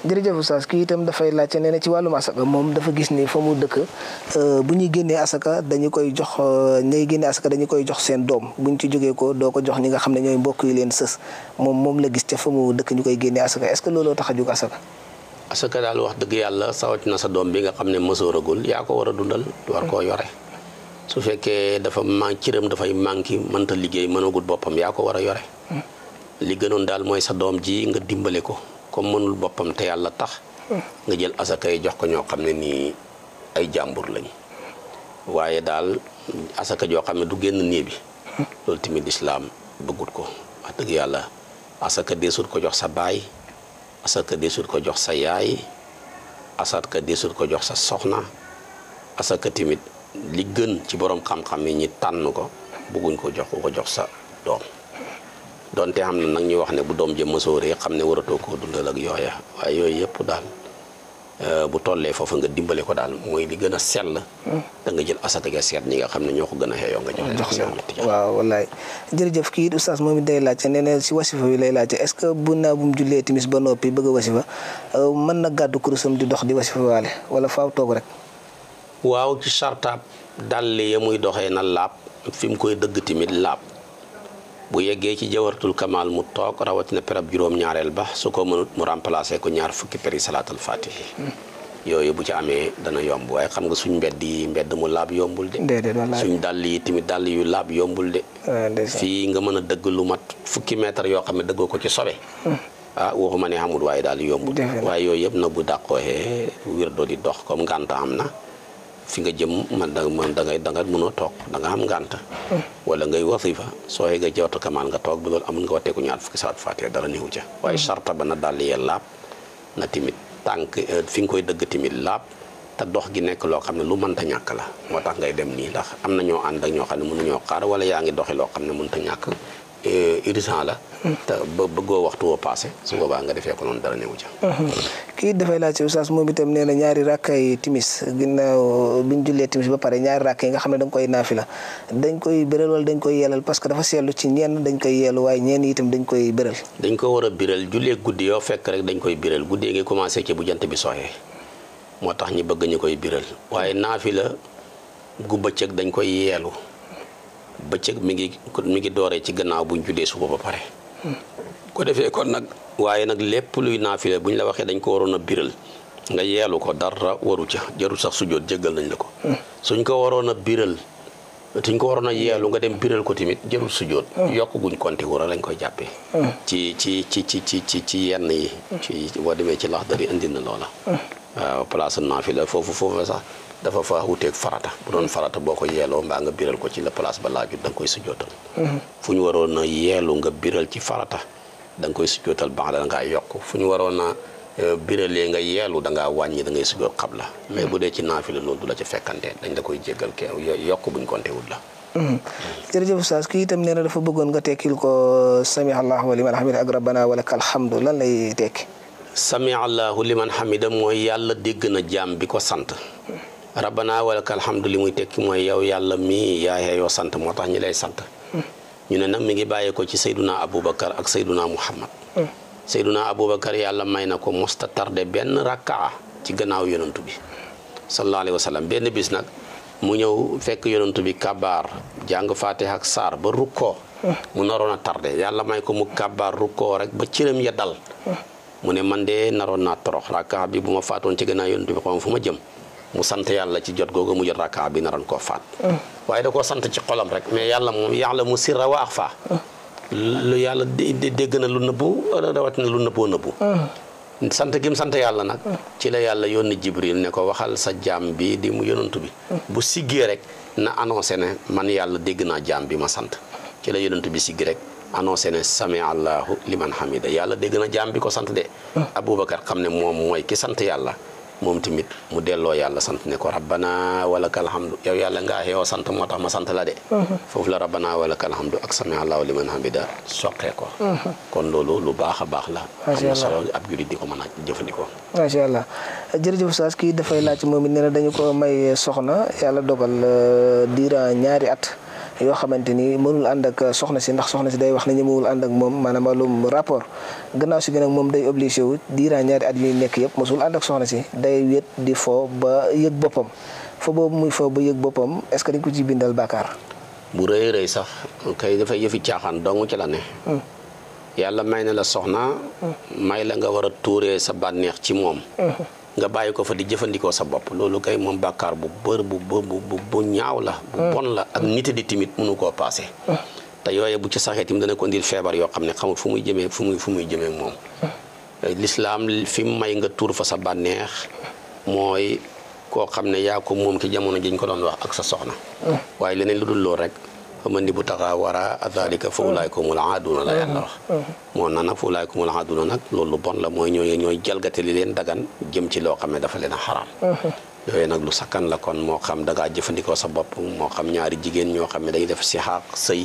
jërëjëf Oustaz kii itam dafay laajte nee na ci wàllum asaka moom dafa gis ni fa mu dëkk euh, bu ñuy génnee asaka dañu koy jox euh, ñay génnee asaka dañu koy jox seen doom bu ñu ci jógee ko doo ko jox ñi nga xam ne ñooy mbokk yi leen sës moom moom la gis ca fa mu dëkk ñu koy génnee asaka que looloo tax a jóg asaka. asaka daal wax dëgg yàlla sawat sa doom bi nga xam ne mësooragul yaa ko war a dundal. war koo yore su fekkee dafa man ci cëram dafay manqué mënta liggéey mënagul boppam yaa ko war a yore. Hmm. li gënoon daal mooy sa doom ji nga dimbale ko comme mënul boppam te yàlla tax nga jël asaka yi jox ko ñoo xam ne nii ay jàmbur lañ waaye daal asaka joo xam ne du génn nii bi loolu tamit lislaam bëggut ko wax dëgg yàlla asaka deesut ko jox sa baay asaka deesut ko jox sa yaay asaka deesut ko jox sa soxna asaka tamit li gën ci boroom xam-xam yi ñi tànn ko bëgguñ ko jox ko ko jox sa doom donte am na nag ñuy wax ne bu doom jëm mësooree xam ne waratoo koo dundal ak yooya waaye yooyu yëpp daal euh, bu tollee foofa nga dimbale ko daal mooy li gën a sell da nga jël asata ga seet ñi nga xam ne ñoo ko nga jox leen waaw wallaay jërëjëf kii oustaz moom day laajte nee na si wasifa bi lay laajte est ce que bu bu mu timis ba noppi bëgg a wasifa euh, man na gàddu kurusam di dox di wasifa waale wala faaw toog rek waaw ci sartaab dàll ya muy doxee na laab fi koy dëgg timit lap bu yeggee ci jawaratul kamal mu toog rawatina perab juróom-ñaareel ba su ko mënut mu remplacer ko ñaar fukki peri salaatul fatihi yooyu bu ci amee dana yomb waaye xam nga suñ mbedd yi mbedd mu laab yombul de suñ dàll yi tamit dàll yu laab yombul de ah, fii nga mën a dëgg lu mat fukki mètre yoo xam ne dëggoo ko ci sobe hmm. ah waxuma ne xamul waaye daal yombul waaye yooyu yëpp na bu dàqooxee wirdo di dox comme ngànta am na fi nga jëm man da man da ngay da nga mën a toog da nga am ngànt wala ngay fa soo yeggee ci watu kamaan nga toog ba loolu amul nga watteeku ñaar fukki saat fàttee dara néew ca waaye sarta ba na dàll yee laab na timit tànk euh, fi nga koy dëgg timit laab te dox gi nekk loo xam ne lu mënta ñàkk la moo tax ngay dem nii ndax am na ñoo ànd ak ñoo xam ne mënuñoo xaar wala yaa ngi doxi loo xam ne mënta ñàkk urgent la. te ba bëggoo waxtu woo passé. su boobaa nga defee ko noonu dara newu ca. kii dafay laaj ci oustaz moom itam nee na ñaari rakkay timis ginnaaw bi ñu jullee timis ba pare ñaari rakk yi nga xam ne dañ koy naafila dañ dañ koy yeelal ci ñenn dañ koy yeelu waaye ñenn itam ko war a biral jullee guddi yoo fekk rek dañ koy biral guddee ngi commencé ci bu jant bi soxee moo tax ñi bëgg ñu koy biral waaye naafila gu bëccëg dañ koy yeelu. ba bëccëg mi ngi mi ngi dooree ci gannaaw buñ julee suba ba pare. ko defee kon nag waaye nag lépp luy bu ñu la waxee dañ ko waroon a biral nga yeelu ko dara waru ca jarul sax su jot jéggal nañ la ko. suñ ko waroon a biral suñ ko waroon a yeelu nga dem biral ko tamit jarul su jot. yokk guñ konti wura lañ koy jàppee. ci ci ci ci ci ci yenn yi. ci boo demee ci laxdari indi na loola. Mm. waaw place naafile foofu foofu sax. dafa fa wuteeg farata bu doon farata boo ko yeeloo mbaa nga biral ko ci la place ba laaju da koy sujjootal mhm. fu ñu waroon a yeelu nga biral ci farata da nga koy sujjootal baax da ngaa yokk fu ñu waroon a euh, biralee nga yeelu da ngaa wàññi da ngay sujjoot xab la mais bu dee ci naafila loolu du la ci fekkante dañ la koy jéggal ke yokk buñ konte wut la mhm. jërëjëf Oustaz kii itam nee dafa bëggoon nga tekkil ko sami allahu liman hamida ak rabbana wa lakal hamdu lan lay tekki sami allahu liman hamida mooy yàlla dégg na jaam bi ko sant mhm. rabbana walakal hamdu limuy tekki moy yow yalla mi ya yeeyoo sant motax ñi lay sant ñu ne nam mi ngi baye ko ci sayduna abubakar ak sayyiduna muhammad sayduna abubakar yalla may na ko de ben rak'a ci gannaaw yonentou bi sallallahu alaihi wasallam. ben bis nak mu ñew fekk yonentou bi kabar, jang fatihak sar saar ba rukko mu narona tardé yalla may ko mu kabar rukko rek ba cëram ya dal mu ne man de narona naa torox bi buma faton ci gannaaw yonentou bi xawma fu jëm mu sante yalla ci jot gogo mu jot rak'a bi naroon ko fat waye da ko sante ci xolam rek mais yalla moom yalla mu sirra wa akhfa lu yalla dégg na lu nëbbu rawat na lu nëbboo sante gi gim sante yalla nak ci la yalla yónni jibril ne ko waxal sa jam bi di mu yonantu bi bu sigge rek na annoncer ne man yalla dégg na jam bi ma sante ci la yonantu bi sigge rek annoncer ne sami allah liman hamida yalla dégg na jam bi ko sante de aboubacar xam ne moom mooy ki sante yalla moom tamit mu delloo yàlla sant ne ko rabbana walakal hamdu yow yàlla ngaa xeewoo sant moo tax ma sant la de mhm. foofu la rabbana ka hamdu ak sami allahu liman hamida soqee ko mhm. kon lu baax a baax la am na solo ab julit di ko mën a jëfandikoo macha allah jërëjëf saas kii na dañu ko may soxna yàlla dogal euh, diira ñaari at yoo xamante ni mënul ànd ak soxna si ndax soxna si day wax ne ñëmewul ànd ak moom maanaam wàllum rapport gannaaw si gi nag moom day obligé wu diiraa ñaari at yuy nekk yëpp mosul ànd ak soxna si day wéet di foo ba yëg boppam fo boobu muy foo ba yëg boppam est-ce que dañ ko ci bindal bàkkaar bu rëy rëy sax kay dafay yëfi caaxaan dong ci la ne hmm. yàlla may na la soxna hmm. may la nga war a tuuree sa bànneex ci moom hmm. nga bàyyi ko fa di jëfandikoo sa bopp loolu kay moom bàkkaar bu bër bu bu bu ñaaw la. bu mm. bon la ak mm. nit di timit mënu koo paase. Mm. te yooye bu ci saxee tamit dana ko indil feebar yoo xam ne xamul fu muy jëmee fu muy fu muy jëmee moom. Eh, lislaam fi mu may nga tuur fa sa bànneex mooy koo xam ne yaa ko moom ki jamono jiñ ko doon wax ak sa soxna. waaye leneen lu dul loolu rek. man ni bu taxaa wara azalika fa ulaykumul aaduna la yàlla wax moo na nag fa ulaykumul aaduna nag loolu bon la mooy ñooy ñooy jalgate li leen dagan jëm ci loo xam ne dafa leen a xaraam yooyu nag lu sakkan la kon moo xam da ngaa jëfandikoo sa bopp moo xam ñaari jigéen ñoo xam ne dañuy def sixaaq sëy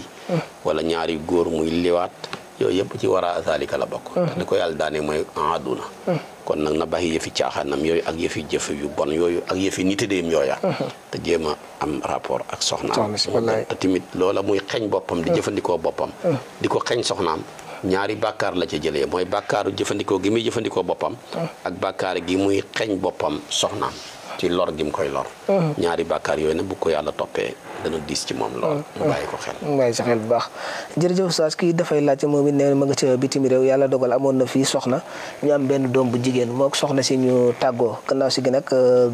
wala ñaari góor muy liwaat yooyu yëpp ci war a saalika la bokk mm-hmm. ndax li ko yàlla daane mooy aaduna mm-hmm. kon nag na bàyyi yëfi caaxaanam yooyu ak yëfi jëfe yu bon yooyu ak yëfi nitadéem yooya mm-hmm. te jéem a am rapport ak soxnaam te tamit loola muy xeñ boppam di jëfandikoo boppam di ko xeñ soxnaam ñaari bàkkaar la ca jëlee mooy bàkkaaru jëfandikoo gi muy jëfandikoo boppam ak bàkkaar gi muy xeñ boppam soxnaam ci lor gi mu koy lor. Mm-hmm. ñaari bàkkaar yooyu nag bu ko yàlla toppee dana diis ci moom lool. Mm-hmm. mu bàyyi ko xel mu mm-hmm. bàyyi sa xel bu baax. jërëjëf Saas kii dafay laajte moom it nee ma nga réew yàlla dogal amoon na fii soxna ñu am benn doom bu jigéen moog soxna si ñu tàggoo gannaaw si gi nag euh,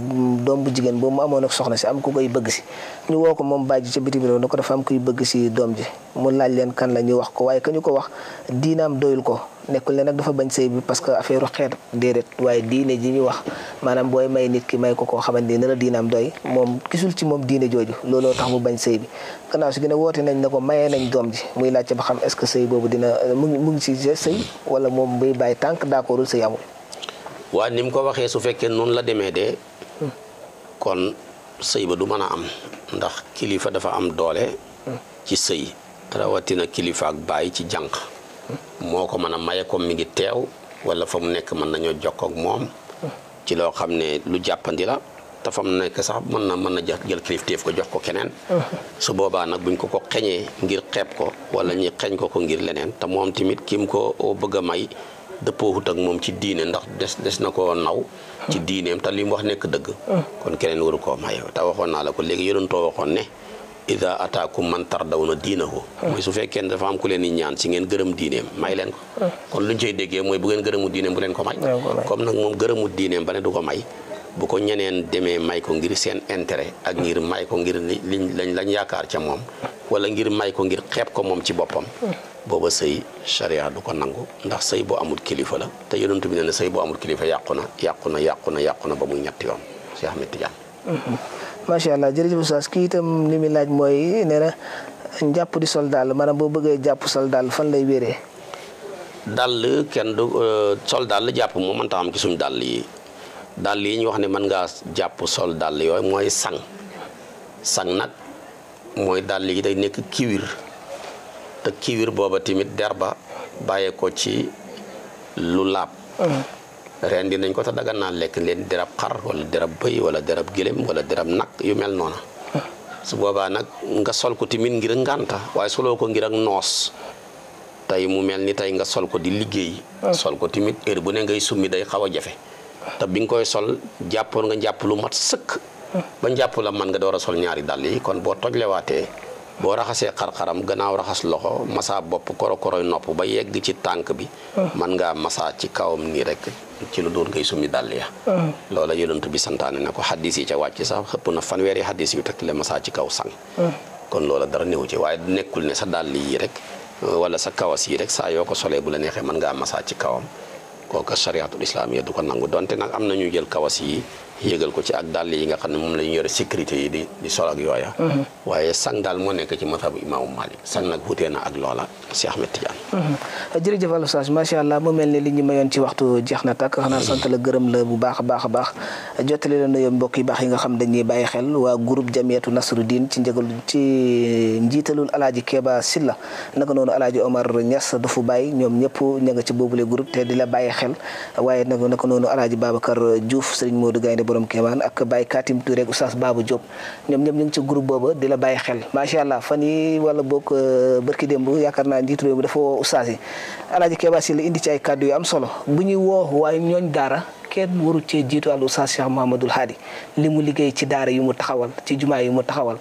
doom bu jigéen boobu mu amoon ak soxna si am ko koy bëgg si. ñu woo ko moom bàyyi ca bitim réew na ko dafa am kuy bëgg si doom ji mu laaj leen kan la ñu wax ko waaye ka ñu ko wax diinaam doyul ko. nekkul ne nag dafa bañ sëy bi parce que affaire xeet déedéet waaye diine ji ñu wax maanaam booy may nit ki may ko koo xamante ni na la am doy moom gisul ci moom diine jooju looloo tax mu bañ sëy bi gannaaw si gën a woote nañ ne ko mayee nañ doom ji muy laajte ba xam est-ce que sëy boobu dina mu ngi mu si sëy wala moom muy bàyyi tànk d'accordul sëy amul waa ni mu ko waxee su fekkee noonu la demee de hmm. kon sëy ba du mën a am ndax kilifa dafa am doole hmm. ci sëy rawatina kilifa bàyyi ci jànq moo ko mën a maye comme mi ngi teew wala fa mu nekk mën nañoo jokkoo ak moom ci loo xam ne lu jàppandi la te fa mu nekk sax mën na mën na jël kilifteef ko jox ko keneen su boobaa nag buñ ko ko xeñee ngir xeeb ko wala ñu xeñ ko ko ngir leneen te moom tamit kim ko bëgg may may dëppoowut ak moom ci diine ndax des des na ko naw ci diineem te li mu wax nekk dëgg ah. kon keneen waru koo maye te waxoon naa la ko léegi yonentoo waxoon ne ida ataakum man tardawna ko mooy su fekkee ne dafa am ku leen di ñaan si ngeen gërëm diineem may leen ko kon lu ñu cay déggee mooy bu ngeen gërëmu diineem bu leen ko may comme nag moom gërëmu diineem ko may bu ko ñeneen demee may ko ngir seen intérêt ak ngir may ko ngir liñ lañ lañ yaakaar ca moom wala ngir may ko ngir xeeb ko moom ci boppam booba sëy charia du ko nangu ndax sëy boo amul kilifa la te yonent bi ne ne sëy boo amul kilifa yàqu na yàqu na yàqu na yàqu na ba mu ñetti yoon Cheikh Ahmed macha allah jërëjëf Oustaz kii itam li muy laaj mooy nee na di sol daal maanaam boo bëggee jàpp sol dàll fan lay wéree. dàll kenn du euh, sol dàll jàpp moom mënta am ci suñu dàll yi dàll yi ñu wax ne mën ngaa jàpp sol dàll yooyu mooy sang sang nag mooy dàll yi day nekk kiwir te kiwir booba tamit der ba bàyyee ci lu laab. Mm. ren di nañ ko te dagan naa lekk leen derab xar wala derab bëy wala derab gëlëm wala derab nag yu mel noona su boobaa nag nga sol ko tamit ngir waaye soloo ko ngir ak noos tey mu mel ni tey nga sol ko di liggéey ah. sol ko tamit heure bu ne ngay summi day xaw a jafe te bi koy sol jàppoon nga jàpp lu mat sëkk ah. ba jàpp la man nga door a sol ñaari dàll yi kon boo tojlewaatee boo raxasee xar-xaram gannaaw raxas loxo masaa bopp koro koroy nopp ba yegg ci tànk bi uh-huh. mën ngaa masa ci kawam nii rek ci lu dul ngay summi dàll ya uh-huh. loola yonent bi santaane na ko xaddis yi ca wàcc sax xëpp na fanweeri xaddis yu teg le masa ci kaw sang uh-huh. kon loola dara néew ci waaye nekkul ne sa dàll yi rek uh, wala sa kawas yii rek saa yoo ko solee bu la neexee mën ngaa masa ci kawam kooka chariatul islaamiya du ko nangu donte nag am na ñu jël kawas yi yegal ko ci ak dal yi nga xamne mom lañu yore sécurité yi di di sol ak yoya mhm. waye sang dal mo nek ci mathabu imam malik sang nak wutee na ak lola cheikh ahmed tidiane mhm. jërëjëf al oustaz sha allah mo melni li ñi mayon ci waxtu jeexna tak xana sant la gërëm la bu baax a baax baax jottali la nuyoo mbokk yi baax yi nga xam ñi baye xel wa groupe jamiatu nasruddin ci ndegal ci njitalul alaaji keba silla naka nonu alaaji omar ñass dafu fu baye ñom ñepp ñinga ci bobule groupe te dila baye xel waye naka nonu alaaji babakar diouf serigne modou gayne borom keman ak bay katim touré ak oustaz babu job ñom ñom ñu ci groupe bobu dila la bay xel ma sha Allah fani wala bok euh, barki dembu yakarna na njitu bu dafa oustaz yi alaji keba li indi ci ay cadeau am solo bunyi wo way ñoñ dara kenn waru ci jitu al oustaz cheikh mahamadou hadi limu liggey ci dara yu mu taxawal ci juma yu mu taxawal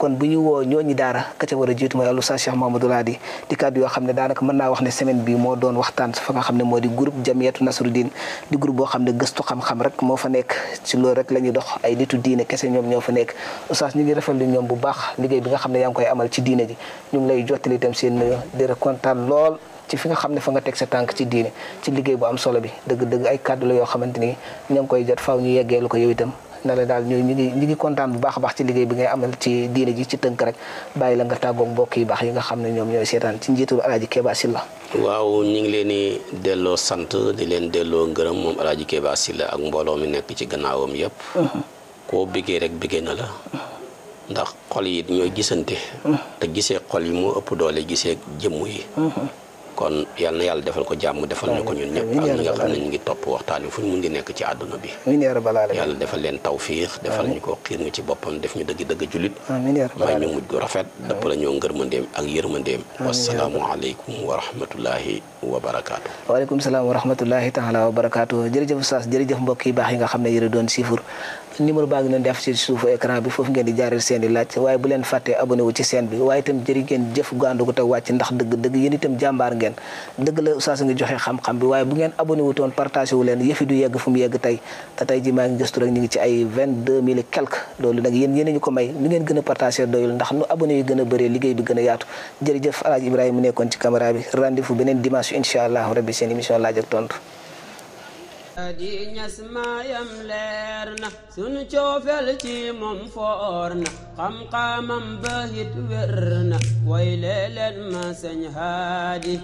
kon bu ñu woo ñooñu daara ka ca war a jiitu mooy al oustaz Cheikh Mamadou Laadi di kàddu yoo xam ne daanaka mën naa wax ne semaine bi moo doon waxtaan su fa nga xam ne moo di groupe jamiyatu nasrudin di groupe boo xam ne gëstu xam-xam rek moo fa nekk ci rek la ñuy dox ay nitu diine kese ñoom ñoo fa nekk oustaz ñu ngi ñoom bu baax liggéey bi nga xam ne yaa ngi koy amal ci diine ji ñu ngi lay jottali itam seen nuyoo di rek kontaan lool ci fi nga xam ne fa nga teg sa tànk ci diine ci liggéey bu am solo bi dëgg-dëgg ay kàddu la yoo xamante ni ñoo ngi koy jot faaw ñu yeggeelu ko yow itam na la daal ñu ñu ngi ñu ngi kontaan bu baax baax ci liggéey bi ngay amal ci diine ji ci tënk rek bàyyi la nga tàggoog mbokk yu baax yi nga xam ne ñoom ñooy seetaan ci njiitul alaaji si Sylla waaw ñu ngi leen di delloo sant di leen delloo ngërëm moom alaaji si Sylla ak mbooloo mi nekk ci gannaawam yëpp mm-hmm. koo bëggee rek bëggee na la mm-hmm. ndax xol yi ñooy gisante mm-hmm. te gisee xol yi moo ëpp doole gisee jëmm yi kon yal na yàlla defal ko jàmm defal ñu ko ñun ñëpp ak ñi nga xam ne ñu ngi topp waxtaan wi fu ñu mun di nekk ci àdduna bi yàlla defal leen tawfiix defal ñu ko xiir ñu ci boppam def ñu dëgg dëgg jullit may ñu mujj rafet dëpp la ñoo ngërmandeem ak yërmandeem wasalaamu aleykum wa rahmatullahi wa barakaatu waaleykum salaam wa rahmatullahi saas jërëjëf mbokk yi baax yi nga xam ne yëre doon siifur numéro baa ngi leen def ci suufu écran bi foofu ngeen di jaareel seen i laaj waaye bu leen fàttee abonné wu ci seen bi waaye itam jëri ngeen jëf gàndu ko te wàcc ndax dëgg dëgg yéen itam jàmbaar ngeen dëgg la oustaz ngi joxe xam-xam bi waaye bu ngeen abonné wu toon partagé leen yëfi du yegg fu mu yegg tey te tey ji maa ngi gëstu rek ñu ngi ci ay vingt-deux mille quelque loolu nag yéen yéen ñu ko may nu ngeen gën a partagé doyul ndax nu abonné yu gën a bëree liggéey bi gën a di ñas maayam leer na sunu coofel ci moom foor na xam-xamam ba hit wér na way leeleen ma sëñ haadi